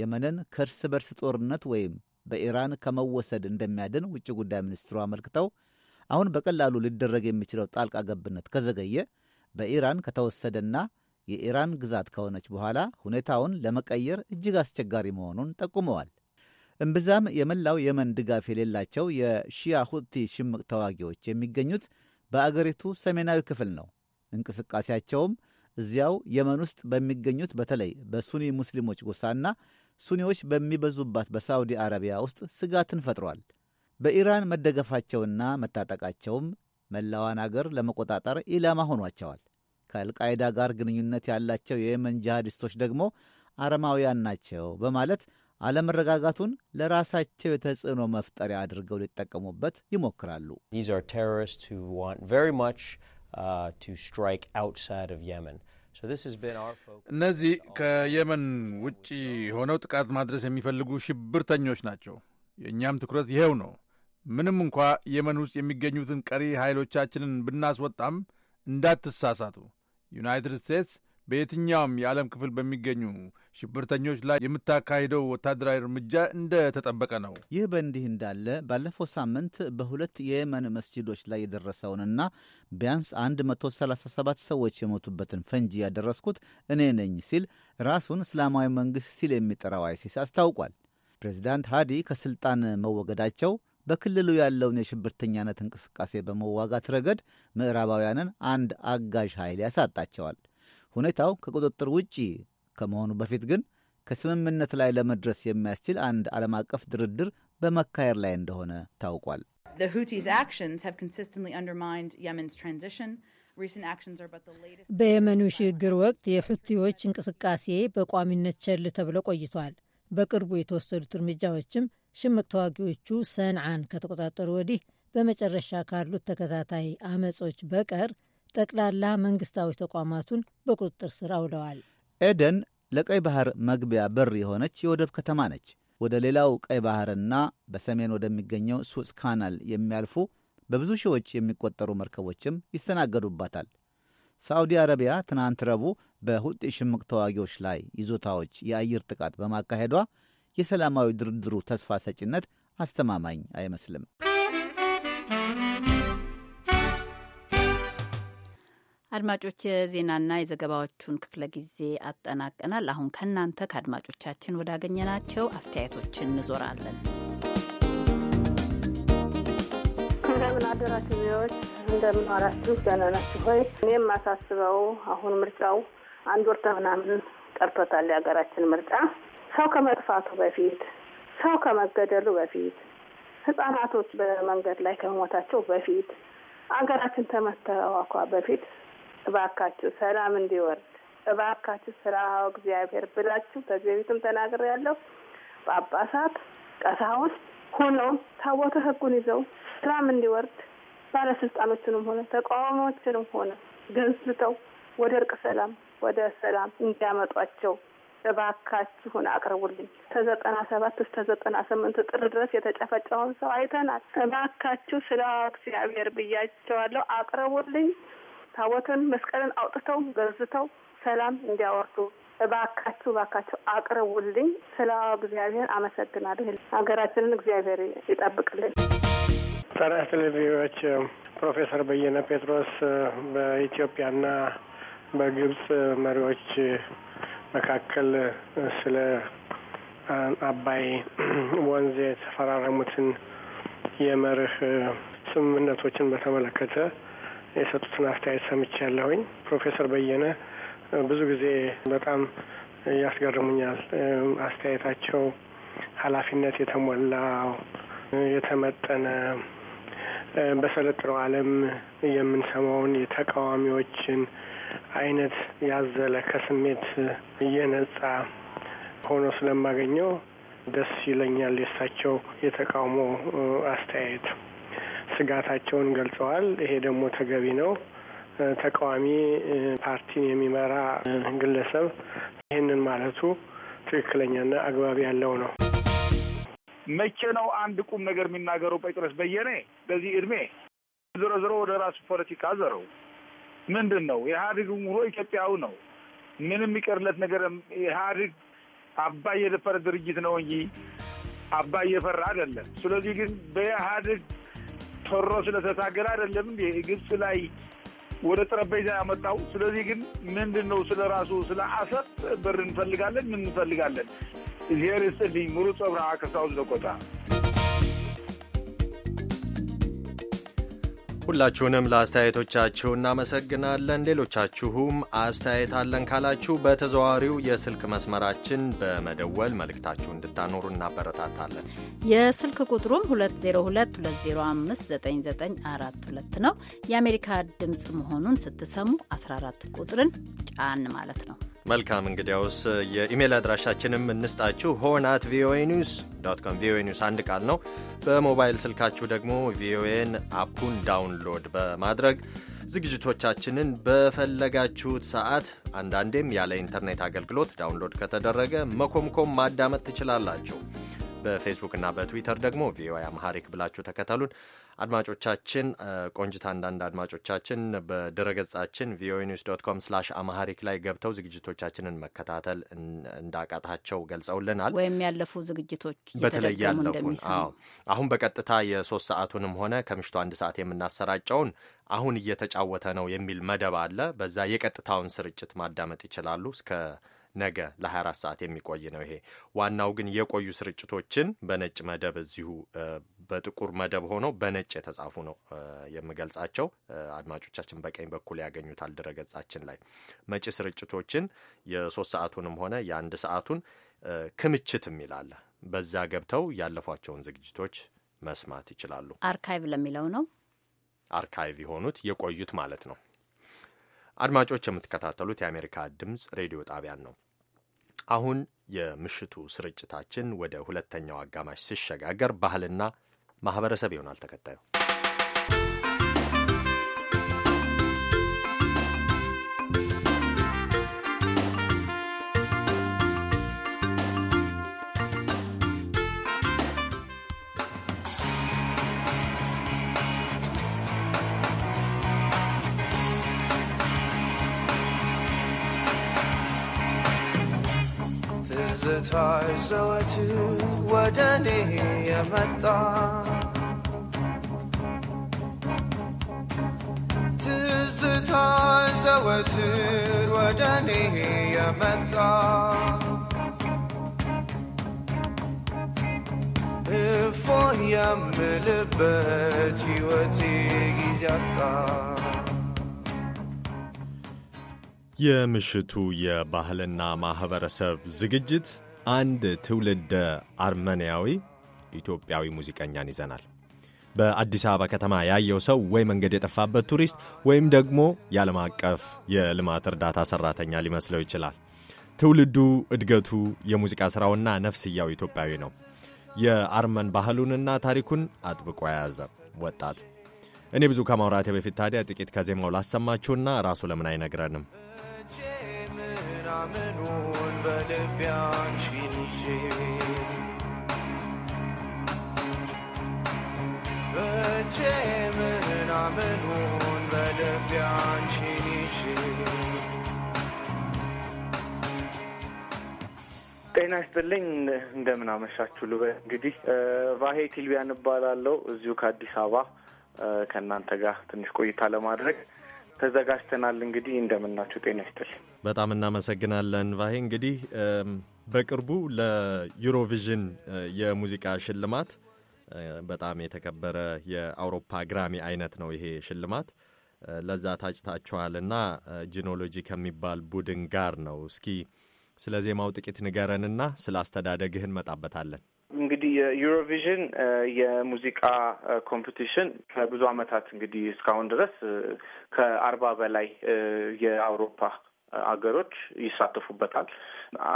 የመንን ከእርስ በርስ ጦርነት ወይም በኢራን ከመወሰድ እንደሚያድን ውጭ ጉዳይ ሚኒስትሩ አመልክተው አሁን በቀላሉ ሊደረግ የሚችለው ጣልቃ ገብነት ከዘገየ በኢራን ከተወሰደና የኢራን ግዛት ከሆነች በኋላ ሁኔታውን ለመቀየር እጅግ አስቸጋሪ መሆኑን ጠቁመዋል። እምብዛም የመላው የመን ድጋፍ የሌላቸው የሺያ ሁቲ ሽምቅ ተዋጊዎች የሚገኙት በአገሪቱ ሰሜናዊ ክፍል ነው። እንቅስቃሴያቸውም እዚያው የመን ውስጥ በሚገኙት በተለይ በሱኒ ሙስሊሞች ጎሳና ሱኒዎች በሚበዙባት በሳዑዲ አረቢያ ውስጥ ስጋትን ፈጥሯል። በኢራን መደገፋቸውና መታጠቃቸውም መላዋን አገር ለመቆጣጠር ኢላማ ሆኗቸዋል። ከአልቃይዳ ጋር ግንኙነት ያላቸው የየመን ጂሃዲስቶች ደግሞ አረማውያን ናቸው በማለት አለመረጋጋቱን ለራሳቸው የተጽዕኖ መፍጠሪያ አድርገው ሊጠቀሙበት ይሞክራሉ። uh, እነዚህ ከየመን ውጪ ሆነው ጥቃት ማድረስ የሚፈልጉ ሽብርተኞች ናቸው። የእኛም ትኩረት ይኸው ነው። ምንም እንኳ የመን ውስጥ የሚገኙትን ቀሪ ኃይሎቻችንን ብናስወጣም እንዳትሳሳቱ ዩናይትድ ስቴትስ በየትኛውም የዓለም ክፍል በሚገኙ ሽብርተኞች ላይ የምታካሂደው ወታደራዊ እርምጃ እንደተጠበቀ ነው። ይህ በእንዲህ እንዳለ ባለፈው ሳምንት በሁለት የየመን መስጂዶች ላይ የደረሰውንና ቢያንስ 137 ሰዎች የሞቱበትን ፈንጂ ያደረስኩት እኔ ነኝ ሲል ራሱን እስላማዊ መንግሥት ሲል የሚጠራው አይሲስ አስታውቋል። ፕሬዚዳንት ሃዲ ከሥልጣን መወገዳቸው በክልሉ ያለውን የሽብርተኛነት እንቅስቃሴ በመዋጋት ረገድ ምዕራባውያንን አንድ አጋዥ ኃይል ያሳጣቸዋል። ሁኔታው ከቁጥጥር ውጪ ከመሆኑ በፊት ግን ከስምምነት ላይ ለመድረስ የሚያስችል አንድ ዓለም አቀፍ ድርድር በመካሄድ ላይ እንደሆነ ታውቋል። በየመኑ ሽግግር ወቅት የሑቲዎች እንቅስቃሴ በቋሚነት ቸል ተብሎ ቆይቷል። በቅርቡ የተወሰዱት እርምጃዎችም ሽምቅ ተዋጊዎቹ ሰንዓን ከተቆጣጠሩ ወዲህ በመጨረሻ ካሉት ተከታታይ አመጾች በቀር ጠቅላላ መንግስታዊ ተቋማቱን በቁጥጥር ስር አውለዋል። ኤደን ለቀይ ባህር መግቢያ በር የሆነች የወደብ ከተማ ነች። ወደ ሌላው ቀይ ባህርና በሰሜን ወደሚገኘው ሱዝ ካናል የሚያልፉ በብዙ ሺዎች የሚቆጠሩ መርከቦችም ይስተናገዱባታል። ሳዑዲ አረቢያ ትናንት ረቡዕ በሁጤ ሽምቅ ተዋጊዎች ላይ ይዞታዎች የአየር ጥቃት በማካሄዷ የሰላማዊ ድርድሩ ተስፋ ሰጪነት አስተማማኝ አይመስልም። አድማጮች የዜናና የዘገባዎቹን ክፍለ ጊዜ አጠናቀናል። አሁን ከእናንተ ከአድማጮቻችን ወዳገኘናቸው አስተያየቶች እንዞራለን። እንደምን አደራችሁ ዜዎች፣ እንደምን ዋላችሁ? ደህና ናችሁ ሆይ? እኔ የማሳስበው አሁን ምርጫው አንድ ወር ከምናምን ቀርቶታል። የሀገራችን ምርጫ ሰው ከመጥፋቱ በፊት ሰው ከመገደሉ በፊት ህጻናቶች በመንገድ ላይ ከመሞታቸው በፊት አገራችን ከመታወኳ በፊት እባካችሁ ሰላም እንዲወርድ እባካችሁ ስራው እግዚአብሔር ብላችሁ ከዚህ በፊትም ያለው ጳጳሳት፣ ቀሳውስ ሆነው ታቦተ ህጉን ይዘው ሰላም እንዲወርድ ባለስልጣኖችንም ሆነ ተቃዋሚዎችንም ሆነ ገንዝተው ወደ እርቅ ሰላም ወደ ሰላም እንዲያመጧቸው እባካችሁን አቅርቡልኝ። ከዘጠና ሰባት እስከ ዘጠና ስምንት ጥር ድረስ የተጨፈጨውን ሰው አይተናል። እባካችሁ ስለ እግዚአብሔር ብያቸዋለሁ፣ አቅርቡልኝ። ታቦትን መስቀልን አውጥተው ገዝተው ሰላም እንዲያወርዱ እባካችሁ እባካችሁ አቅርቡልኝ። ስለ እግዚአብሔር አመሰግናለሁ። ሀገራችንን እግዚአብሔር ይጠብቅልን። ጸረ ቴሌቪዎች ፕሮፌሰር በየነ ጴጥሮስ በኢትዮጵያና በግብጽ መሪዎች መካከል ስለ አባይ ወንዝ የተፈራረሙትን የመርህ ስምምነቶችን በተመለከተ የሰጡትን አስተያየት ሰምቻለሁኝ። ፕሮፌሰር በየነ ብዙ ጊዜ በጣም ያስገርሙኛል አስተያየታቸው። ኃላፊነት የተሞላው የተመጠነ በሰለጠነው ዓለም የምንሰማውን የተቃዋሚዎችን አይነት ያዘለ ከስሜት እየነጻ ሆኖ ስለማገኘው ደስ ይለኛል። የሳቸው የተቃውሞ አስተያየት ስጋታቸውን ገልጸዋል። ይሄ ደግሞ ተገቢ ነው። ተቃዋሚ ፓርቲን የሚመራ ግለሰብ ይህንን ማለቱ ትክክለኛና አግባብ ያለው ነው። መቼ ነው አንድ ቁም ነገር የሚናገረው? ጴጥሮስ በየነ በዚህ እድሜ ዞሮ ዞሮ ወደ ራሱ ፖለቲካ ዘረው ምንድን ነው? የኢህአዴግ ምሮ ኢትዮጵያዊ ነው። ምንም የሚቀርለት ነገር ኢህአዴግ አባይ የደፈረ ድርጅት ነው እንጂ አባይ የፈራ አይደለም። ስለዚህ ግን በኢህአዴግ ቶሮ ስለተታገለ አይደለም እንዴ ግብፅ ላይ ወደ ጠረጴዛ ያመጣው። ስለዚህ ግን ምንድን ነው ስለ ራሱ ስለ አሰብ ብር እንፈልጋለን ምን እንፈልጋለን። እግዚአብሔር ይስጥልኝ። ሙሉ ጸብራ ከሳውዝ ዳኮታ ሁላችሁንም ለአስተያየቶቻችሁ እናመሰግናለን። ሌሎቻችሁም አስተያየት አለን ካላችሁ በተዘዋዋሪው የስልክ መስመራችን በመደወል መልእክታችሁ እንድታኖሩ እናበረታታለን። የስልክ ቁጥሩም 2022059942 ነው። የአሜሪካ ድምፅ መሆኑን ስትሰሙ 14 ቁጥርን ጫን ማለት ነው። መልካም እንግዲያውስ የኢሜይል አድራሻችንም እንስጣችሁ ሆን አት ቪኦኤ ኒውስ ዶት ኮም ቪኦኤ ኒውስ አንድ ቃል ነው። በሞባይል ስልካችሁ ደግሞ ቪኦኤን አፑን ዳውንሎድ በማድረግ ዝግጅቶቻችንን በፈለጋችሁት ሰዓት አንዳንዴም ያለ ኢንተርኔት አገልግሎት ዳውንሎድ ከተደረገ መኮምኮም ማዳመጥ ትችላላችሁ። በፌስቡክ እና በትዊተር ደግሞ ቪኦኤ አምሃሪክ ብላችሁ ተከተሉን። አድማጮቻችን ቆንጅት፣ አንዳንድ አድማጮቻችን በድረገጻችን ቪኦኤ ኒውስ ዶት ኮም ስላሽ አማሃሪክ ላይ ገብተው ዝግጅቶቻችንን መከታተል እንዳቃታቸው ገልጸውልናል። ወይም ያለፉ ዝግጅቶች በተለይ ያለፉ አሁን በቀጥታ የሶስት ሰዓቱንም ሆነ ከምሽቱ አንድ ሰዓት የምናሰራጨውን አሁን እየተጫወተ ነው የሚል መደብ አለ። በዛ የቀጥታውን ስርጭት ማዳመጥ ይችላሉ እስከ ነገ ለ24 ሰዓት የሚቆይ ነው። ይሄ ዋናው ግን የቆዩ ስርጭቶችን በነጭ መደብ እዚሁ በጥቁር መደብ ሆነው በነጭ የተጻፉ ነው የምገልጻቸው። አድማጮቻችን በቀኝ በኩል ያገኙታል ድረገጻችን ላይ መጪ ስርጭቶችን የሶስት ሰዓቱንም ሆነ የአንድ ሰዓቱን ክምችት የሚላለ በዛ ገብተው ያለፏቸውን ዝግጅቶች መስማት ይችላሉ። አርካይቭ ለሚለው ነው አርካይቭ የሆኑት የቆዩት ማለት ነው። አድማጮች የምትከታተሉት የአሜሪካ ድምፅ ሬዲዮ ጣቢያን ነው። አሁን የምሽቱ ስርጭታችን ወደ ሁለተኛው አጋማሽ ሲሸጋገር ባህልና ማህበረሰብ ይሆናል ተከታዩ ታዘወት ወደ እኔ የመጣ ትዝታ ዘወትር ወደ እኔ የመጣ እፎ የምልበት ሕይወቴ ጊዜ አጣ። የምሽቱ የባህልና ማህበረሰብ ዝግጅት አንድ ትውልድ አርመንያዊ ኢትዮጵያዊ ሙዚቀኛን ይዘናል። በአዲስ አበባ ከተማ ያየው ሰው ወይ መንገድ የጠፋበት ቱሪስት ወይም ደግሞ የዓለም አቀፍ የልማት እርዳታ ሠራተኛ ሊመስለው ይችላል። ትውልዱ፣ እድገቱ፣ የሙዚቃ ሥራውና ነፍስያው ኢትዮጵያዊ ነው። የአርመን ባህሉንና ታሪኩን አጥብቆ የያዘ ወጣት። እኔ ብዙ ከማውራቴ በፊት ታዲያ ጥቂት ከዜማው ላሰማችሁና ራሱ ለምን አይነግረንም? በልቤ አንቺን ይዤ በእጄ ምናምኑን በልቤ አንቺን ይዤ ጤና ይስጥልኝ እንደምን አመሻችሁ ልበል። እንግዲህ ቫሄ ቲልቢያ እንባላለው እዚሁ ከአዲስ አበባ ከእናንተ ጋር ትንሽ ቆይታ ለማድረግ ተዘጋጅተናል። እንግዲህ እንደምናችሁ ጤና ይስጥልኝ። በጣም እናመሰግናለን ቫሄ። እንግዲህ በቅርቡ ለዩሮቪዥን የሙዚቃ ሽልማት በጣም የተከበረ የአውሮፓ ግራሚ አይነት ነው ይሄ ሽልማት። ለዛ ታጭታችኋልና ጂኖሎጂ ከሚባል ቡድን ጋር ነው። እስኪ ስለ ዜማው ጥቂት ንገረንና ስለ አስተዳደግህ እንመጣበታለን። እንግዲህ የዩሮቪዥን የሙዚቃ ኮምፒቲሽን ከብዙ ዓመታት እንግዲህ እስካሁን ድረስ ከአርባ በላይ የአውሮፓ አገሮች ይሳተፉበታል።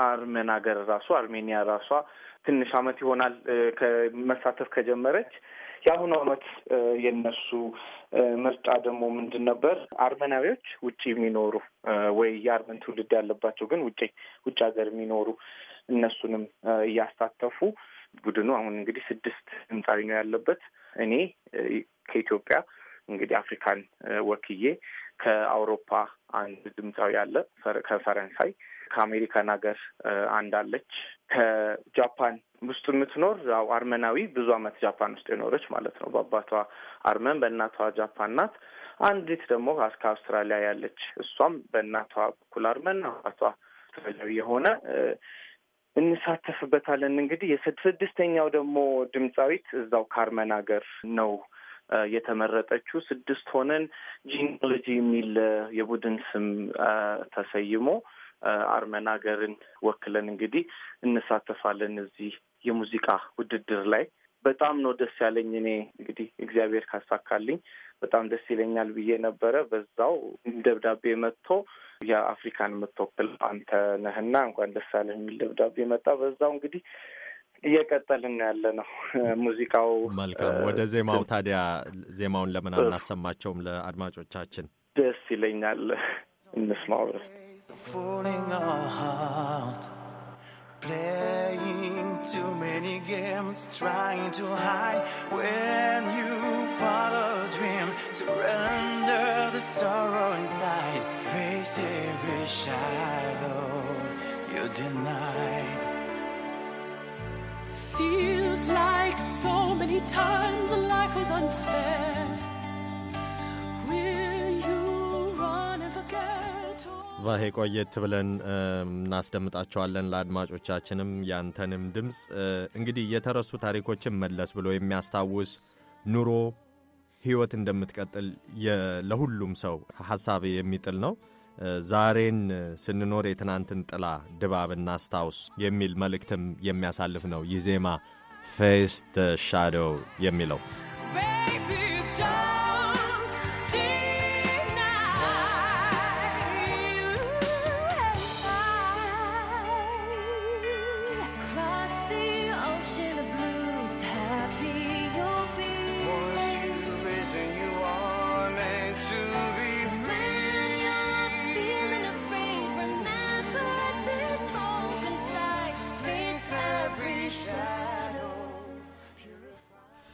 አርመን ሀገር ራሷ አርሜኒያ ራሷ ትንሽ አመት ይሆናል መሳተፍ ከጀመረች። የአሁኑ አመት የነሱ ምርጫ ደግሞ ምንድን ነበር? አርመናዊዎች ውጭ የሚኖሩ ወይ የአርመን ትውልድ ያለባቸው ግን ውጭ ውጭ ሀገር የሚኖሩ እነሱንም እያሳተፉ ቡድኑ አሁን እንግዲህ ስድስት ድምፃዊ ነው ያለበት። እኔ ከኢትዮጵያ እንግዲህ አፍሪካን ወክዬ ከአውሮፓ አንድ ድምፃዊ አለ ከፈረንሳይ ከአሜሪካን ሀገር አንድ አለች ከጃፓን ውስጥ የምትኖር ያው አርመናዊ ብዙ አመት ጃፓን ውስጥ የኖረች ማለት ነው። በአባቷ አርመን በእናቷ ጃፓን ናት። አንዲት ደግሞ አውስትራሊያ ያለች እሷም በእናቷ በኩል አርመን አባቷ አውስትራሊያዊ የሆነ እንሳተፍበታለን። እንግዲህ የስድስተኛው ደግሞ ድምፃዊት እዛው ከአርመን ሀገር ነው የተመረጠችው ስድስት ሆነን ጂኒኦሎጂ የሚል የቡድን ስም ተሰይሞ አርመን ሀገርን ወክለን እንግዲህ እንሳተፋለን እዚህ የሙዚቃ ውድድር ላይ። በጣም ነው ደስ ያለኝ። እኔ እንግዲህ እግዚአብሔር ካሳካልኝ በጣም ደስ ይለኛል ብዬ ነበረ። በዛው ደብዳቤ መጥቶ የአፍሪካን የምትወክል አንተ ነህና እንኳን ደስ ያለህ የሚል ደብዳቤ መጣ። በዛው እንግዲህ እየቀጠልን ያለ ነው ሙዚቃው። መልካም። ወደ ዜማው ታዲያ ዜማውን ለምን አናሰማቸውም? ለአድማጮቻችን ደስ ይለኛል። እንስማው ድረስ Playing too many games, trying to hide when you follow a dream. Surrender the sorrow inside, face every shadow you denied. feels like so many times life was unfair. ቫሄ ቆየት ብለን እናስደምጣቸዋለን። ለአድማጮቻችንም ያንተንም ድምፅ እንግዲህ የተረሱ ታሪኮችን መለስ ብሎ የሚያስታውስ ኑሮ ህይወት እንደምትቀጥል ለሁሉም ሰው ሀሳብ የሚጥል ነው። ዛሬን ስንኖር የትናንትን ጥላ ድባብ እናስታውስ የሚል መልእክትም የሚያሳልፍ ነው ይህ ዜማ ፌስ ሻዶው የሚለው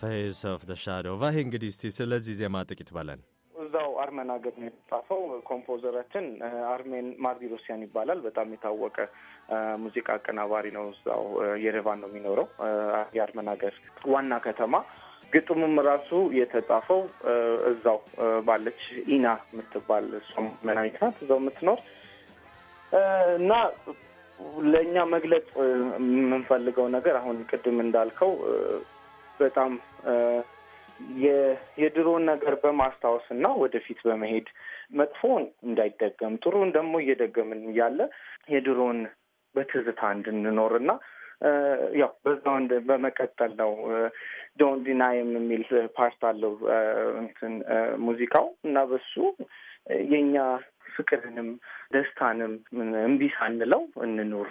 ፌስ ኦፍ ደ ሻዶ ቫሄ እንግዲህ እስቲ ስለዚህ ዜማ ጥቂት በለን። እዛው አርመን ሀገር ነው የተጻፈው። ኮምፖዘራችን አርሜን ማርዲሮሲያን ይባላል። በጣም የታወቀ ሙዚቃ አቀናባሪ ነው። እዛው የሬቫን ነው የሚኖረው የአርመን ሀገር ዋና ከተማ ግጥሙም ራሱ የተጻፈው እዛው ባለች ኢና የምትባል እሷም መናዊት ናት፣ እዛው የምትኖር እና ለእኛ መግለጽ የምንፈልገው ነገር አሁን ቅድም እንዳልከው በጣም የድሮን ነገር በማስታወስ እና ወደፊት በመሄድ መጥፎውን እንዳይደገም ጥሩን ደግሞ እየደገምን እያለ የድሮን በትዝታ እንድንኖር እና ያው በዛው በመቀጠል ነው። ዶን ዲናይም የሚል ፓርት አለው እንትን ሙዚቃው እና በሱ የኛ ፍቅርንም ደስታንም እምቢ ሳንለው እንኑር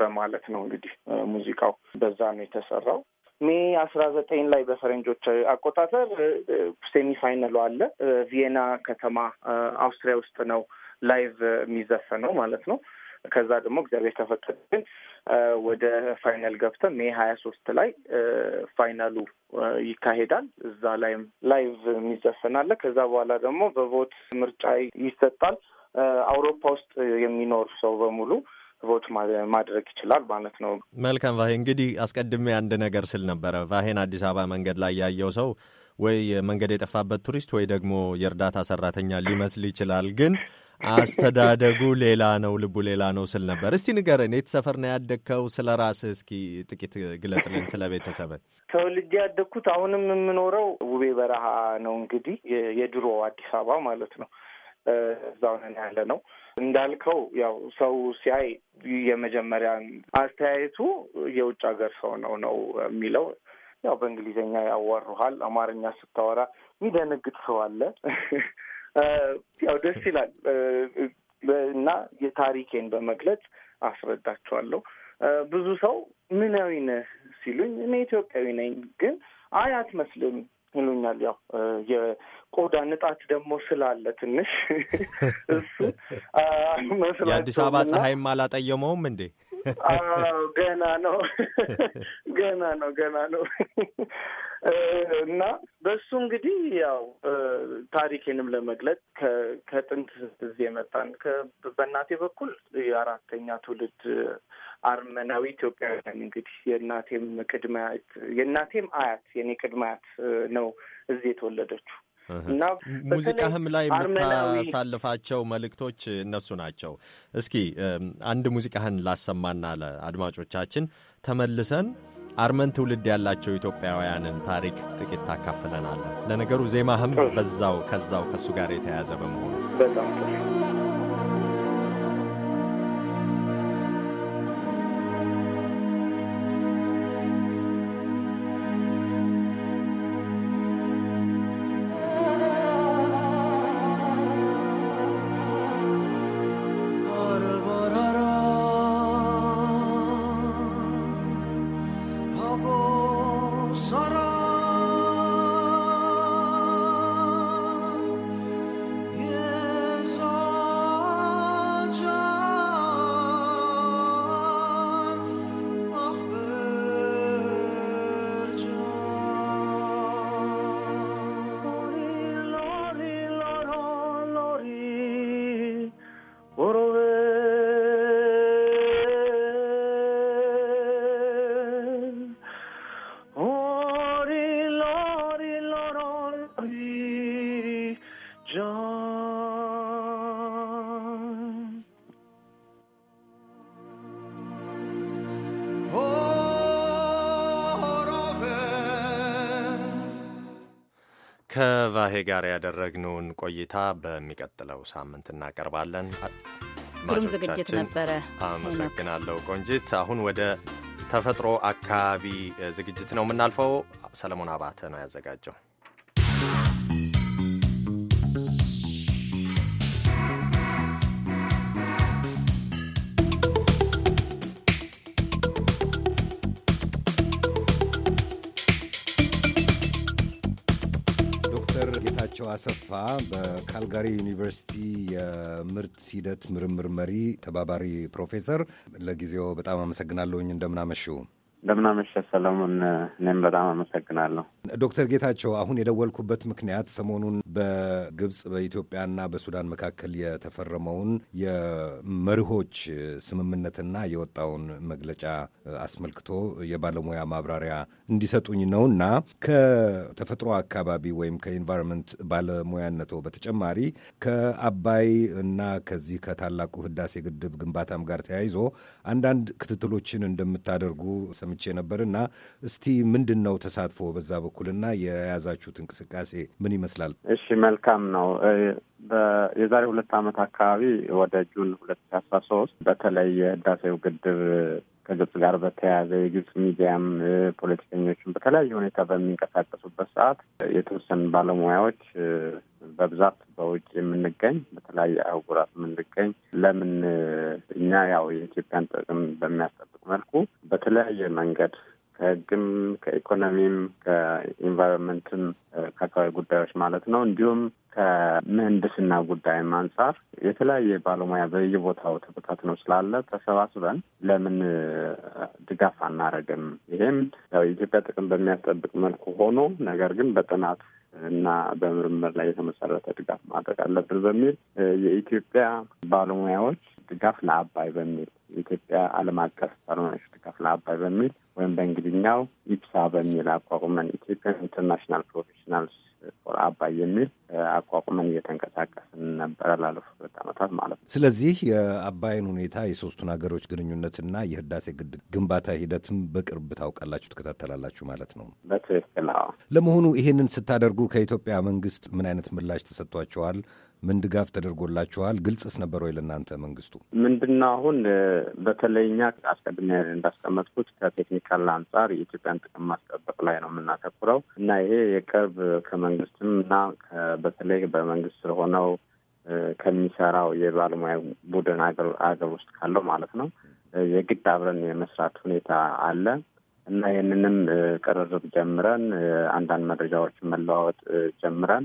በማለት ነው እንግዲህ ሙዚቃው በዛ ነው የተሰራው። ሜ አስራ ዘጠኝ ላይ በፈረንጆች አቆጣጠር ሴሚፋይናሉ አለ። ቪየና ከተማ አውስትሪያ ውስጥ ነው ላይቭ የሚዘፈነው ማለት ነው። ከዛ ደግሞ እግዚአብሔር ተፈቀደ ግን ወደ ፋይናል ገብተን ሜ ሀያ ሶስት ላይ ፋይናሉ ይካሄዳል። እዛ ላይም ላይቭ የሚዘፈናለ። ከዛ በኋላ ደግሞ በቮት ምርጫ ይሰጣል። አውሮፓ ውስጥ የሚኖር ሰው በሙሉ ማድረግ ይችላል ማለት ነው። መልካም ቫሄ፣ እንግዲህ አስቀድሜ አንድ ነገር ስል ነበረ። ቫሄን አዲስ አበባ መንገድ ላይ ያየው ሰው ወይ መንገድ የጠፋበት ቱሪስት ወይ ደግሞ የእርዳታ ሰራተኛ ሊመስል ይችላል ግን አስተዳደጉ ሌላ ነው፣ ልቡ ሌላ ነው ስል ነበር። እስቲ ንገረን፣ የት ሰፈር ነው ያደግከው? ስለ ራስህ እስኪ ጥቂት ግለጽልን፣ ስለ ቤተሰብህ። ተወልጄ ያደግኩት አሁንም የምኖረው ውቤ በረሃ ነው። እንግዲህ የድሮ አዲስ አበባ ማለት ነው። እዛው ነን ያለ ነው። እንዳልከው ያው ሰው ሲያይ የመጀመሪያን አስተያየቱ የውጭ ሀገር ሰው ነው ነው የሚለው ያው በእንግሊዝኛ ያዋሩሃል፣ አማርኛ ስታወራ የሚደነግጥ ሰው አለ። ያው ደስ ይላል እና የታሪኬን በመግለጽ አስረዳቸዋለሁ። ብዙ ሰው ምናዊ ነህ ሲሉኝ እኔ ኢትዮጵያዊ ነኝ፣ ግን አይ አትመስልም ይሉኛል። ያው የቆዳ ንጣት ደግሞ ስላለ ትንሽ እሱ መስላቸው የአዲስ አበባ ፀሐይም አላጠየመውም እንዴ? ገና ነው ገና ነው ገና ነው። እና በሱ እንግዲህ ያው ታሪኬንም ለመግለጽ ከጥንት እዚህ የመጣን በእናቴ በኩል የአራተኛ ትውልድ አርመናዊ ኢትዮጵያውያን እንግዲህ የእናቴም ቅድመ የእናቴም አያት የኔ ቅድመ አያት ነው እዚህ የተወለደችው እና ሙዚቃህም ላይ የምታሳልፋቸው መልእክቶች እነሱ ናቸው። እስኪ አንድ ሙዚቃህን ላሰማና ለአድማጮቻችን ተመልሰን አርመን ትውልድ ያላቸው ኢትዮጵያውያንን ታሪክ ጥቂት ታካፍለናለን። ለነገሩ ዜማህም በዛው ከዛው ከእሱ ጋር የተያያዘ በመሆኑ በጣም ከቫሄ ጋር ያደረግነውን ቆይታ በሚቀጥለው ሳምንት እናቀርባለን። ግሩም ዝግጅት ነበረ። አመሰግናለሁ ቆንጂት። አሁን ወደ ተፈጥሮ አካባቢ ዝግጅት ነው የምናልፈው። ሰለሞን አባተ ነው ያዘጋጀው። አሰፋ በካልጋሪ ዩኒቨርሲቲ የምርት ሂደት ምርምር መሪ ተባባሪ ፕሮፌሰር፣ ለጊዜው በጣም አመሰግናለሁኝ። እንደምናመሽው እንደምን ሰለሞን። እኔም በጣም አመሰግናለሁ ዶክተር ጌታቸው። አሁን የደወልኩበት ምክንያት ሰሞኑን በግብፅ በኢትዮጵያና በሱዳን መካከል የተፈረመውን የመርሆች ስምምነትና የወጣውን መግለጫ አስመልክቶ የባለሙያ ማብራሪያ እንዲሰጡኝ ነው እና ከተፈጥሮ አካባቢ ወይም ከኢንቫይሮንመንት ባለሙያነቶ በተጨማሪ ከአባይ እና ከዚህ ከታላቁ ህዳሴ ግድብ ግንባታም ጋር ተያይዞ አንዳንድ ክትትሎችን እንደምታደርጉ ሰምቼ ነበርና እስቲ ምንድን ነው ተሳትፎ በዛ በኩልና የያዛችሁት እንቅስቃሴ ምን ይመስላል? እሺ መልካም ነው። የዛሬ ሁለት ዓመት አካባቢ ወደ ጁን ሁለት ሺ አስራ ሶስት በተለይ የህዳሴው ግድብ ከግብጽ ጋር በተያያዘ የግብጽ ሚዲያም ፖለቲከኞችም በተለያየ ሁኔታ በሚንቀሳቀሱበት ሰዓት የተወሰኑ ባለሙያዎች በብዛት በውጭ የምንገኝ በተለያየ አህጉራት የምንገኝ ለምን እኛ ያው የኢትዮጵያን ጥቅም በሚያስጠብቅ መልኩ በተለያየ መንገድ ከህግም ከኢኮኖሚም ከኢንቫይሮንመንትም ከአካባቢ ጉዳዮች ማለት ነው። እንዲሁም ከምህንድስና ጉዳይም አንጻር የተለያየ ባለሙያ በየቦታው ተበታትኖ ስላለ ተሰባስበን ለምን ድጋፍ አናረግም? ይሄም ያው የኢትዮጵያ ጥቅም በሚያስጠብቅ መልኩ ሆኖ ነገር ግን በጥናት እና በምርምር ላይ የተመሰረተ ድጋፍ ማድረግ አለብን በሚል የኢትዮጵያ ባለሙያዎች ድጋፍ ለአባይ በሚል የኢትዮጵያ ዓለም አቀፍ ባለሙያዎች ድጋፍ ለአባይ በሚል ወይም በእንግሊኛው ኢፕሳ በሚል አቋቁመን ኢትዮጵያን ኢንተርናሽናል ፕሮፌሽናልስ ጦር አባይ የሚል አቋቁመን እየተንቀሳቀስን ነበረ ላለፉት ሁለት ዓመታት ማለት ነው። ስለዚህ የአባይን ሁኔታ የሶስቱን ሀገሮች ግንኙነትና የህዳሴ ግድብ ግንባታ ሂደትም በቅርብ ታውቃላችሁ፣ ትከታተላላችሁ ማለት ነው። በትክክል ለመሆኑ ይሄንን ስታደርጉ ከኢትዮጵያ መንግስት ምን አይነት ምላሽ ተሰጥቷቸዋል? ምን ድጋፍ ተደርጎላችኋል? ግልጽስ ነበር ወይ ለእናንተ መንግስቱ? ምንድነው አሁን በተለይ አስቀድሜ እንዳስቀመጥኩት ከቴክኒካል አንጻር የኢትዮጵያን ጥቅም ማስቀበል የሚያተኩረው እና ይሄ የቅርብ ከመንግስትም እና በተለይ በመንግስት ሆነው ከሚሰራው የባለሙያ ቡድን አገር ውስጥ ካለው ማለት ነው የግድ አብረን የመስራት ሁኔታ አለ እና ይህንንም ቅርርብ ጀምረን አንዳንድ መረጃዎችን መለዋወጥ ጀምረን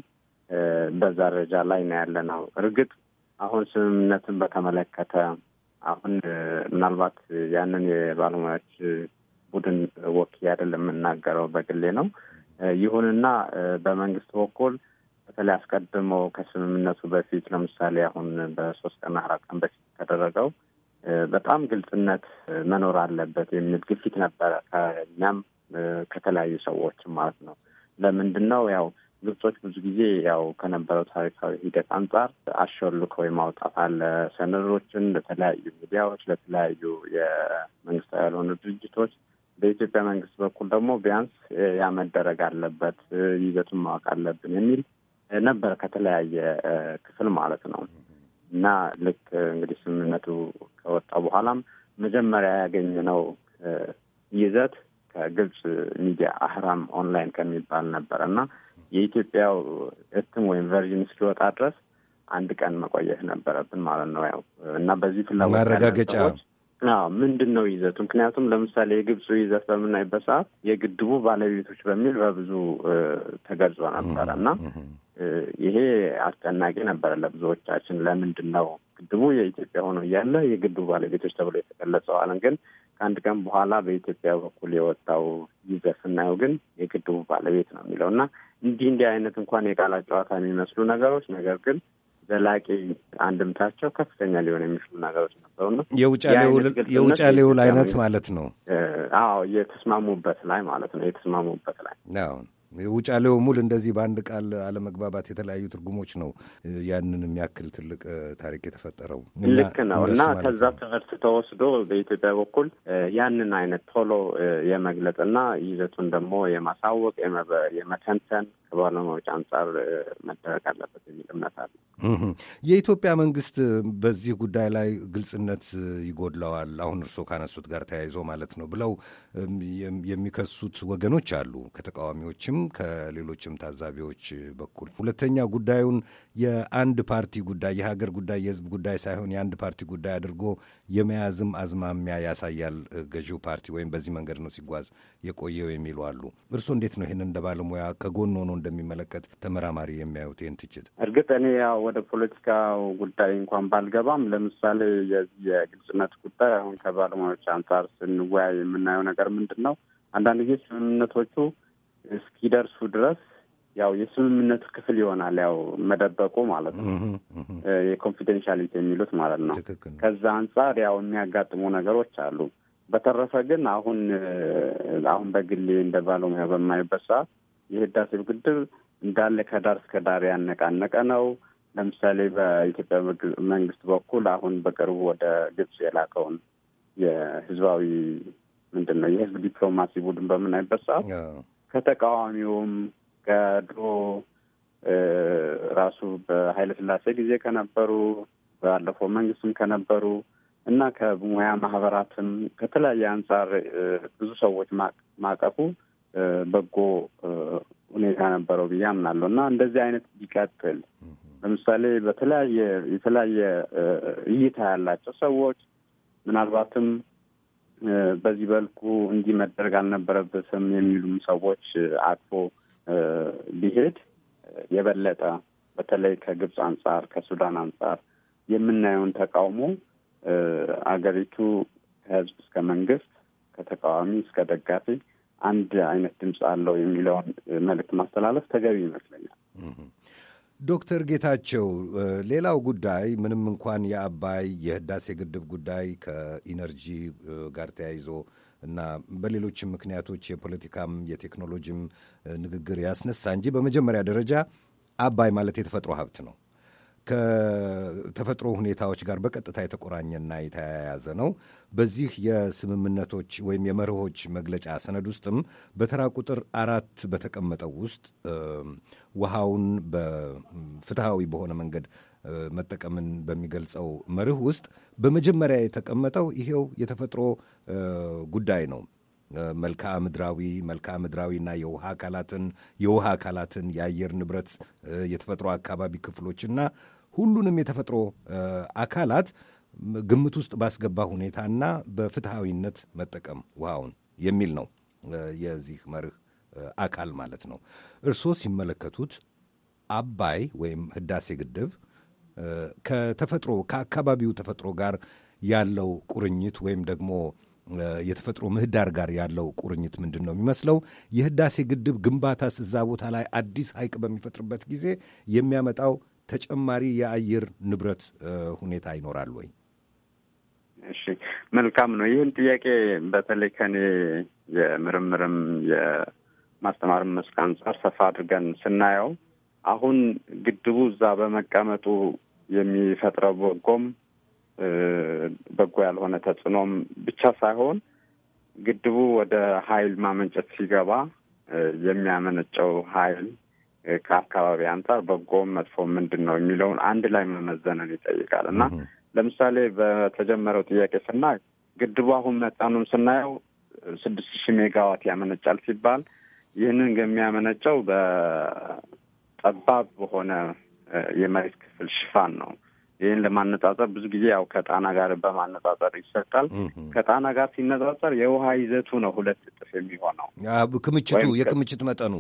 በዛ ደረጃ ላይ ነው ያለ ነው። እርግጥ አሁን ስምምነትን በተመለከተ አሁን ምናልባት ያንን የባለሙያዎች ቡድን ወኪ አይደለም የምናገረው በግሌ ነው። ይሁንና በመንግስት በኩል በተለይ አስቀድሞ ከስምምነቱ በፊት ለምሳሌ አሁን በሶስት ቀን አራት ቀን በፊት የተደረገው በጣም ግልጽነት መኖር አለበት የሚል ግፊት ነበረ ከእኛም ከተለያዩ ሰዎች ማለት ነው። ለምንድን ነው ያው ግብጾች ብዙ ጊዜ ያው ከነበረው ታሪካዊ ሂደት አንጻር አሸልኮ የማውጣት አለ። ሰነዶችን ለተለያዩ ሚዲያዎች፣ ለተለያዩ የመንግስታዊ ያልሆኑ ድርጅቶች በኢትዮጵያ መንግስት በኩል ደግሞ ቢያንስ ያ መደረግ አለበት፣ ይዘቱን ማወቅ አለብን የሚል ነበር ከተለያየ ክፍል ማለት ነው። እና ልክ እንግዲህ ስምምነቱ ከወጣ በኋላም መጀመሪያ ያገኘነው ይዘት ከግብጽ ሚዲያ አህራም ኦንላይን ከሚባል ነበር እና የኢትዮጵያው እትም ወይም ቨርዥን እስኪወጣ ድረስ አንድ ቀን መቆየት ነበረብን ማለት ነው። ያው እና በዚህ ፍላጎት ማረጋገጫ ምንድን ነው ይዘቱ? ምክንያቱም ለምሳሌ የግብፁ ይዘት በምናይበት ሰዓት የግድቡ ባለቤቶች በሚል በብዙ ተገልጾ ነበረ እና ይሄ አስጨናቂ ነበረ ለብዙዎቻችን። ለምንድን ነው ግድቡ የኢትዮጵያ ሆኖ እያለ የግድቡ ባለቤቶች ተብሎ የተገለጸዋልን ግን ከአንድ ቀን በኋላ በኢትዮጵያ በኩል የወጣው ይዘት ስናየው ግን የግድቡ ባለቤት ነው የሚለው እና እንዲህ እንዲህ አይነት እንኳን የቃላት ጨዋታ የሚመስሉ ነገሮች ነገር ግን ዘላቂ አንድምታቸው ከፍተኛ ሊሆን የሚችሉ ነገሮች ነበሩና የውጫሌውል አይነት ማለት ነው። አዎ የተስማሙበት ላይ ማለት ነው። የተስማሙበት ላይ ውጫሌው ሙል እንደዚህ በአንድ ቃል አለመግባባት የተለያዩ ትርጉሞች ነው። ያንን የሚያክል ትልቅ ታሪክ የተፈጠረው ልክ ነው እና ከዛ ትምህርት ተወስዶ በኢትዮጵያ በኩል ያንን አይነት ቶሎ የመግለጽና ይዘቱን ደግሞ የማሳወቅ የመተንተን ከባለሙያዎች አንጻር መደረግ አለበት የሚል እምነት አለ። የኢትዮጵያ መንግስት በዚህ ጉዳይ ላይ ግልጽነት ይጎድለዋል፣ አሁን እርስዎ ካነሱት ጋር ተያይዞ ማለት ነው ብለው የሚከሱት ወገኖች አሉ፣ ከተቃዋሚዎችም ከሌሎችም ታዛቢዎች በኩል። ሁለተኛ ጉዳዩን የአንድ ፓርቲ ጉዳይ የሀገር ጉዳይ የህዝብ ጉዳይ ሳይሆን የአንድ ፓርቲ ጉዳይ አድርጎ የመያዝም አዝማሚያ ያሳያል ገዢው ፓርቲ ወይም በዚህ መንገድ ነው ሲጓዝ የቆየው የሚሉ አሉ። እርስዎ እንዴት ነው ይህን እንደ ባለሙያ ከጎን ሆኖ እንደሚመለከት ተመራማሪ የሚያዩት ይህን ትችት? እርግጥ እኔ ያው ወደ ፖለቲካው ጉዳይ እንኳን ባልገባም፣ ለምሳሌ የዚህ የግልጽነት ጉዳይ አሁን ከባለሙያዎች አንጻር ስንወያይ የምናየው ነገር ምንድን ነው? አንዳንድ ጊዜ ስምምነቶቹ እስኪደርሱ ድረስ ያው የስምምነቱ ክፍል ይሆናል። ያው መደበቁ ማለት ነው፣ የኮንፊደንሻሊቲ የሚሉት ማለት ነው። ከዛ አንጻር ያው የሚያጋጥሙ ነገሮች አሉ። በተረፈ ግን አሁን አሁን በግሌ እንደ ባለሙያ በማይበት ሰዓት የህዳሴው ግድብ እንዳለ ከዳር እስከ ዳር ያነቃነቀ ነው። ለምሳሌ በኢትዮጵያ መንግስት በኩል አሁን በቅርቡ ወደ ግብጽ የላከውን የህዝባዊ ምንድን ነው የህዝብ ዲፕሎማሲ ቡድን በምናይበት ሰዓት ከተቃዋሚውም ከድሮ ራሱ በኃይለ ስላሴ ጊዜ ከነበሩ ባለፈው መንግስትም ከነበሩ እና ከሙያ ማህበራትም ከተለያየ አንጻር ብዙ ሰዎች ማቀፉ በጎ ሁኔታ ነበረው ብዬ አምናለሁ እና እንደዚህ አይነት ቢቀጥል ለምሳሌ በተለያየ የተለያየ እይታ ያላቸው ሰዎች ምናልባትም በዚህ በልኩ እንዲህ መደረግ አልነበረበትም የሚሉም ሰዎች አቅፎ ቢሄድ የበለጠ በተለይ ከግብፅ አንጻር ከሱዳን አንጻር የምናየውን ተቃውሞ አገሪቱ ከህዝብ እስከ መንግስት ከተቃዋሚ እስከ ደጋፊ አንድ አይነት ድምፅ አለው የሚለውን መልእክት ማስተላለፍ ተገቢ ይመስለኛል። ዶክተር ጌታቸው፣ ሌላው ጉዳይ ምንም እንኳን የአባይ የህዳሴ ግድብ ጉዳይ ከኢነርጂ ጋር ተያይዞ እና በሌሎችም ምክንያቶች የፖለቲካም የቴክኖሎጂም ንግግር ያስነሳ እንጂ በመጀመሪያ ደረጃ አባይ ማለት የተፈጥሮ ሀብት ነው። ከተፈጥሮ ሁኔታዎች ጋር በቀጥታ የተቆራኘና የተያያዘ ነው። በዚህ የስምምነቶች ወይም የመርሆች መግለጫ ሰነድ ውስጥም በተራ ቁጥር አራት በተቀመጠው ውስጥ ውሃውን በፍትሐዊ በሆነ መንገድ መጠቀምን በሚገልጸው መርህ ውስጥ በመጀመሪያ የተቀመጠው ይሄው የተፈጥሮ ጉዳይ ነው። መልክዓ ምድራዊ መልክዓ ምድራዊና የውሃ አካላትን የውሃ አካላትን የአየር ንብረት የተፈጥሮ አካባቢ ክፍሎችና ሁሉንም የተፈጥሮ አካላት ግምት ውስጥ ባስገባ ሁኔታና በፍትሐዊነት መጠቀም ውሃውን የሚል ነው የዚህ መርህ አካል ማለት ነው። እርስዎ ሲመለከቱት አባይ ወይም ህዳሴ ግድብ ከተፈጥሮ ከአካባቢው ተፈጥሮ ጋር ያለው ቁርኝት ወይም ደግሞ የተፈጥሮ ምህዳር ጋር ያለው ቁርኝት ምንድን ነው የሚመስለው? የህዳሴ ግድብ ግንባታስ እዛ ቦታ ላይ አዲስ ሐይቅ በሚፈጥርበት ጊዜ የሚያመጣው ተጨማሪ የአየር ንብረት ሁኔታ ይኖራል ወይ? እሺ፣ መልካም ነው። ይህን ጥያቄ በተለይ ከኔ የምርምርም የማስተማርም መስክ አንጻር ሰፋ አድርገን ስናየው አሁን ግድቡ እዛ በመቀመጡ የሚፈጥረው በጎም በጎ ያልሆነ ተጽዕኖም ብቻ ሳይሆን ግድቡ ወደ ኃይል ማመንጨት ሲገባ የሚያመነጨው ኃይል ከአካባቢ አንጻር በጎም መጥፎ ምንድን ነው የሚለውን አንድ ላይ መመዘንን ይጠይቃል እና ለምሳሌ በተጀመረው ጥያቄ ስናይ ግድቡ አሁን መጠኑን ስናየው ስድስት ሺህ ሜጋዋት ያመነጫል ሲባል ይህንን የሚያመነጨው በጠባብ በሆነ የመሬት ክፍል ሽፋን ነው። ይህን ለማነጻጸር ብዙ ጊዜ ያው ከጣና ጋር በማነጻጸር ይሰጣል። ከጣና ጋር ሲነጻጸር የውሃ ይዘቱ ነው ሁለት እጥፍ የሚሆነው ክምችቱ የክምችት መጠኑ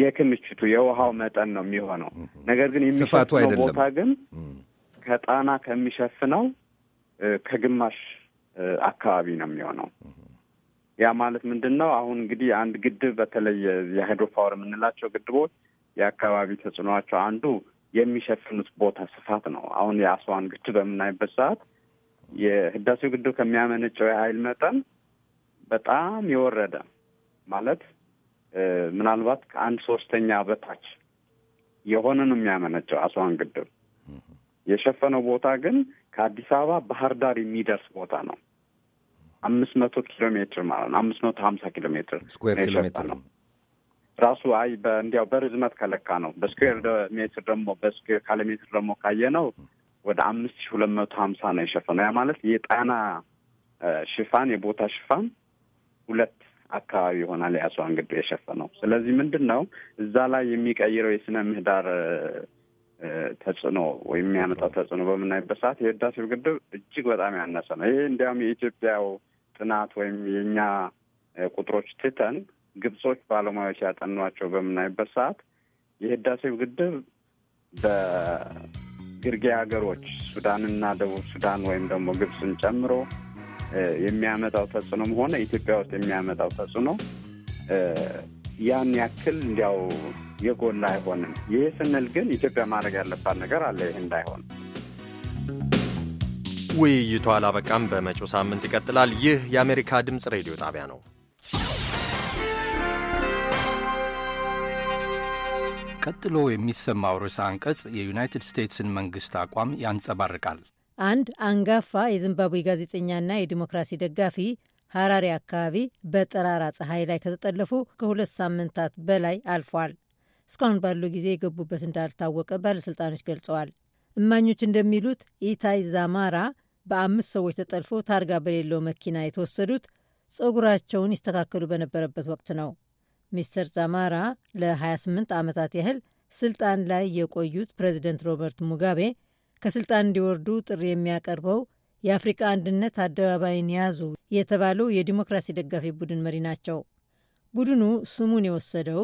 የክምችቱ የውሃው መጠን ነው የሚሆነው። ነገር ግን የሚሸፍነው ቦታ ግን ከጣና ከሚሸፍነው ከግማሽ አካባቢ ነው የሚሆነው። ያ ማለት ምንድን ነው? አሁን እንግዲህ አንድ ግድብ በተለይ የሃይድሮ ፓወር የምንላቸው ግድቦች የአካባቢ ተጽዕኖቸው አንዱ የሚሸፍኑት ቦታ ስፋት ነው። አሁን የአስዋን ግድብ በምናይበት ሰዓት የህዳሴው ግድብ ከሚያመነጨው የኃይል መጠን በጣም የወረደ ማለት ምናልባት ከአንድ ሶስተኛ በታች የሆነ ነው የሚያመነጨው አስዋን ግድብ። የሸፈነው ቦታ ግን ከአዲስ አበባ ባህር ዳር የሚደርስ ቦታ ነው። አምስት መቶ ኪሎ ሜትር ማለት ነው። አምስት መቶ ሀምሳ ኪሎ ሜትር ስኩዌር ኪሎ ሜትር ነው ራሱ። አይ እንዲያው በርዝመት ከለካ ነው። በስኩዌር ሜትር ደግሞ በስኩዌር ካለ ሜትር ደግሞ ካየ ነው ወደ አምስት ሺ ሁለት መቶ ሀምሳ ነው የሸፈነው። ያ ማለት የጣና ሽፋን የቦታ ሽፋን ሁለት አካባቢ ይሆናል የአስዋን ግድብ የሸፈነው። ስለዚህ ምንድን ነው እዛ ላይ የሚቀይረው የስነ ምህዳር ተጽዕኖ ወይም የሚያመጣው ተጽዕኖ በምናይበት ሰዓት የህዳሴው ግድብ እጅግ በጣም ያነሰ ነው። ይሄ እንዲያውም የኢትዮጵያው ጥናት ወይም የእኛ ቁጥሮች ትተን ግብጾች ባለሙያዎች ያጠኗቸው በምናይበት ሰዓት የህዳሴው ግድብ በግርጌ ሀገሮች ሱዳንና ደቡብ ሱዳን ወይም ደግሞ ግብፅን ጨምሮ የሚያመጣው ተጽዕኖም ሆነ ኢትዮጵያ ውስጥ የሚያመጣው ተጽዕኖ ያን ያክል እንዲያው የጎላ አይሆንም። ይህ ስንል ግን ኢትዮጵያ ማድረግ ያለባት ነገር አለ። ይህ እንዳይሆን ውይይቱ አላበቃም፣ በመጪው ሳምንት ይቀጥላል። ይህ የአሜሪካ ድምፅ ሬዲዮ ጣቢያ ነው። ቀጥሎ የሚሰማው ርዕሰ አንቀጽ የዩናይትድ ስቴትስን መንግሥት አቋም ያንጸባርቃል። አንድ አንጋፋ የዚምባብዌ ጋዜጠኛና የዲሞክራሲ ደጋፊ ሀራሪ አካባቢ በጠራራ ፀሐይ ላይ ከተጠለፉ ከሁለት ሳምንታት በላይ አልፏል። እስካሁን ባለው ጊዜ የገቡበት እንዳልታወቀ ባለሥልጣኖች ገልጸዋል። እማኞች እንደሚሉት ኢታይ ዛማራ በአምስት ሰዎች ተጠልፎ ታርጋ በሌለው መኪና የተወሰዱት ጸጉራቸውን ይስተካከሉ በነበረበት ወቅት ነው። ሚስተር ዛማራ ለ28 ዓመታት ያህል ስልጣን ላይ የቆዩት ፕሬዚደንት ሮበርት ሙጋቤ ከስልጣን እንዲወርዱ ጥሪ የሚያቀርበው የአፍሪካ አንድነት አደባባይን ያዙ የተባለው የዲሞክራሲ ደጋፊ ቡድን መሪ ናቸው። ቡድኑ ስሙን የወሰደው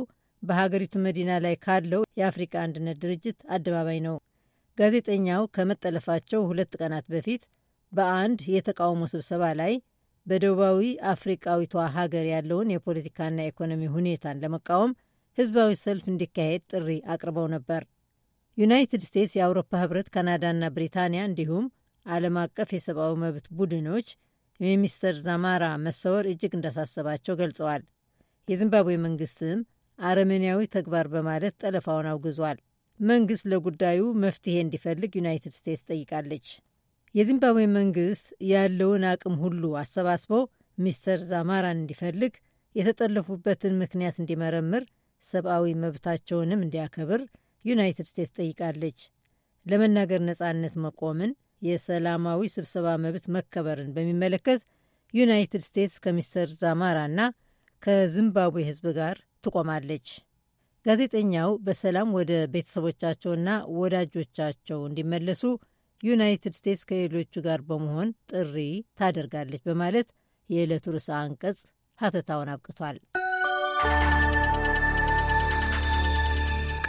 በሀገሪቱ መዲና ላይ ካለው የአፍሪካ አንድነት ድርጅት አደባባይ ነው። ጋዜጠኛው ከመጠለፋቸው ሁለት ቀናት በፊት በአንድ የተቃውሞ ስብሰባ ላይ በደቡባዊ አፍሪቃዊቷ ሀገር ያለውን የፖለቲካና ኢኮኖሚ ሁኔታን ለመቃወም ህዝባዊ ሰልፍ እንዲካሄድ ጥሪ አቅርበው ነበር። ዩናይትድ ስቴትስ፣ የአውሮፓ ህብረት፣ ካናዳና ብሪታንያ እንዲሁም ዓለም አቀፍ የሰብአዊ መብት ቡድኖች የሚስተር ዛማራ መሰወር እጅግ እንዳሳሰባቸው ገልጸዋል። የዚምባብዌ መንግስትም አረመኔያዊ ተግባር በማለት ጠለፋውን አውግዟል። መንግስት ለጉዳዩ መፍትሄ እንዲፈልግ ዩናይትድ ስቴትስ ጠይቃለች። የዚምባብዌ መንግስት ያለውን አቅም ሁሉ አሰባስቦ ሚስተር ዛማራን እንዲፈልግ፣ የተጠለፉበትን ምክንያት እንዲመረምር፣ ሰብአዊ መብታቸውንም እንዲያከብር ዩናይትድ ስቴትስ ጠይቃለች። ለመናገር ነጻነት መቆምን፣ የሰላማዊ ስብሰባ መብት መከበርን በሚመለከት ዩናይትድ ስቴትስ ከሚስተር ዛማራና ከዚምባብዌ ሕዝብ ጋር ትቆማለች። ጋዜጠኛው በሰላም ወደ ቤተሰቦቻቸውና ወዳጆቻቸው እንዲመለሱ ዩናይትድ ስቴትስ ከሌሎቹ ጋር በመሆን ጥሪ ታደርጋለች በማለት የዕለቱ ርዕሰ አንቀጽ ሀተታውን አብቅቷል።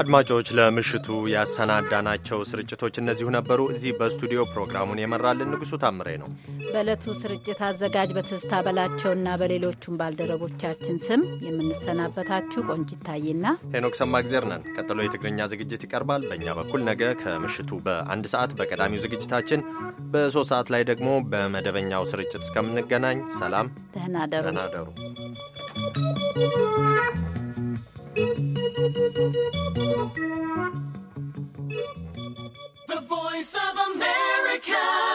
አድማጮች ለምሽቱ ያሰናዳናቸው ስርጭቶች እነዚሁ ነበሩ። እዚህ በስቱዲዮ ፕሮግራሙን የመራልን ንጉሱ ታምሬ ነው። በዕለቱ ስርጭት አዘጋጅ በትዝታ በላቸውና በሌሎቹም ባልደረቦቻችን ስም የምንሰናበታችሁ ቆንጂት ታዬና ሄኖክ ሰማግዜር ነን። ቀጥሎ የትግርኛ ዝግጅት ይቀርባል። በእኛ በኩል ነገ ከምሽቱ በአንድ ሰዓት በቀዳሚው ዝግጅታችን፣ በሶስት ሰዓት ላይ ደግሞ በመደበኛው ስርጭት እስከምንገናኝ ሰላም፣ ደህና ደሩ፣ ደህና Voice of America.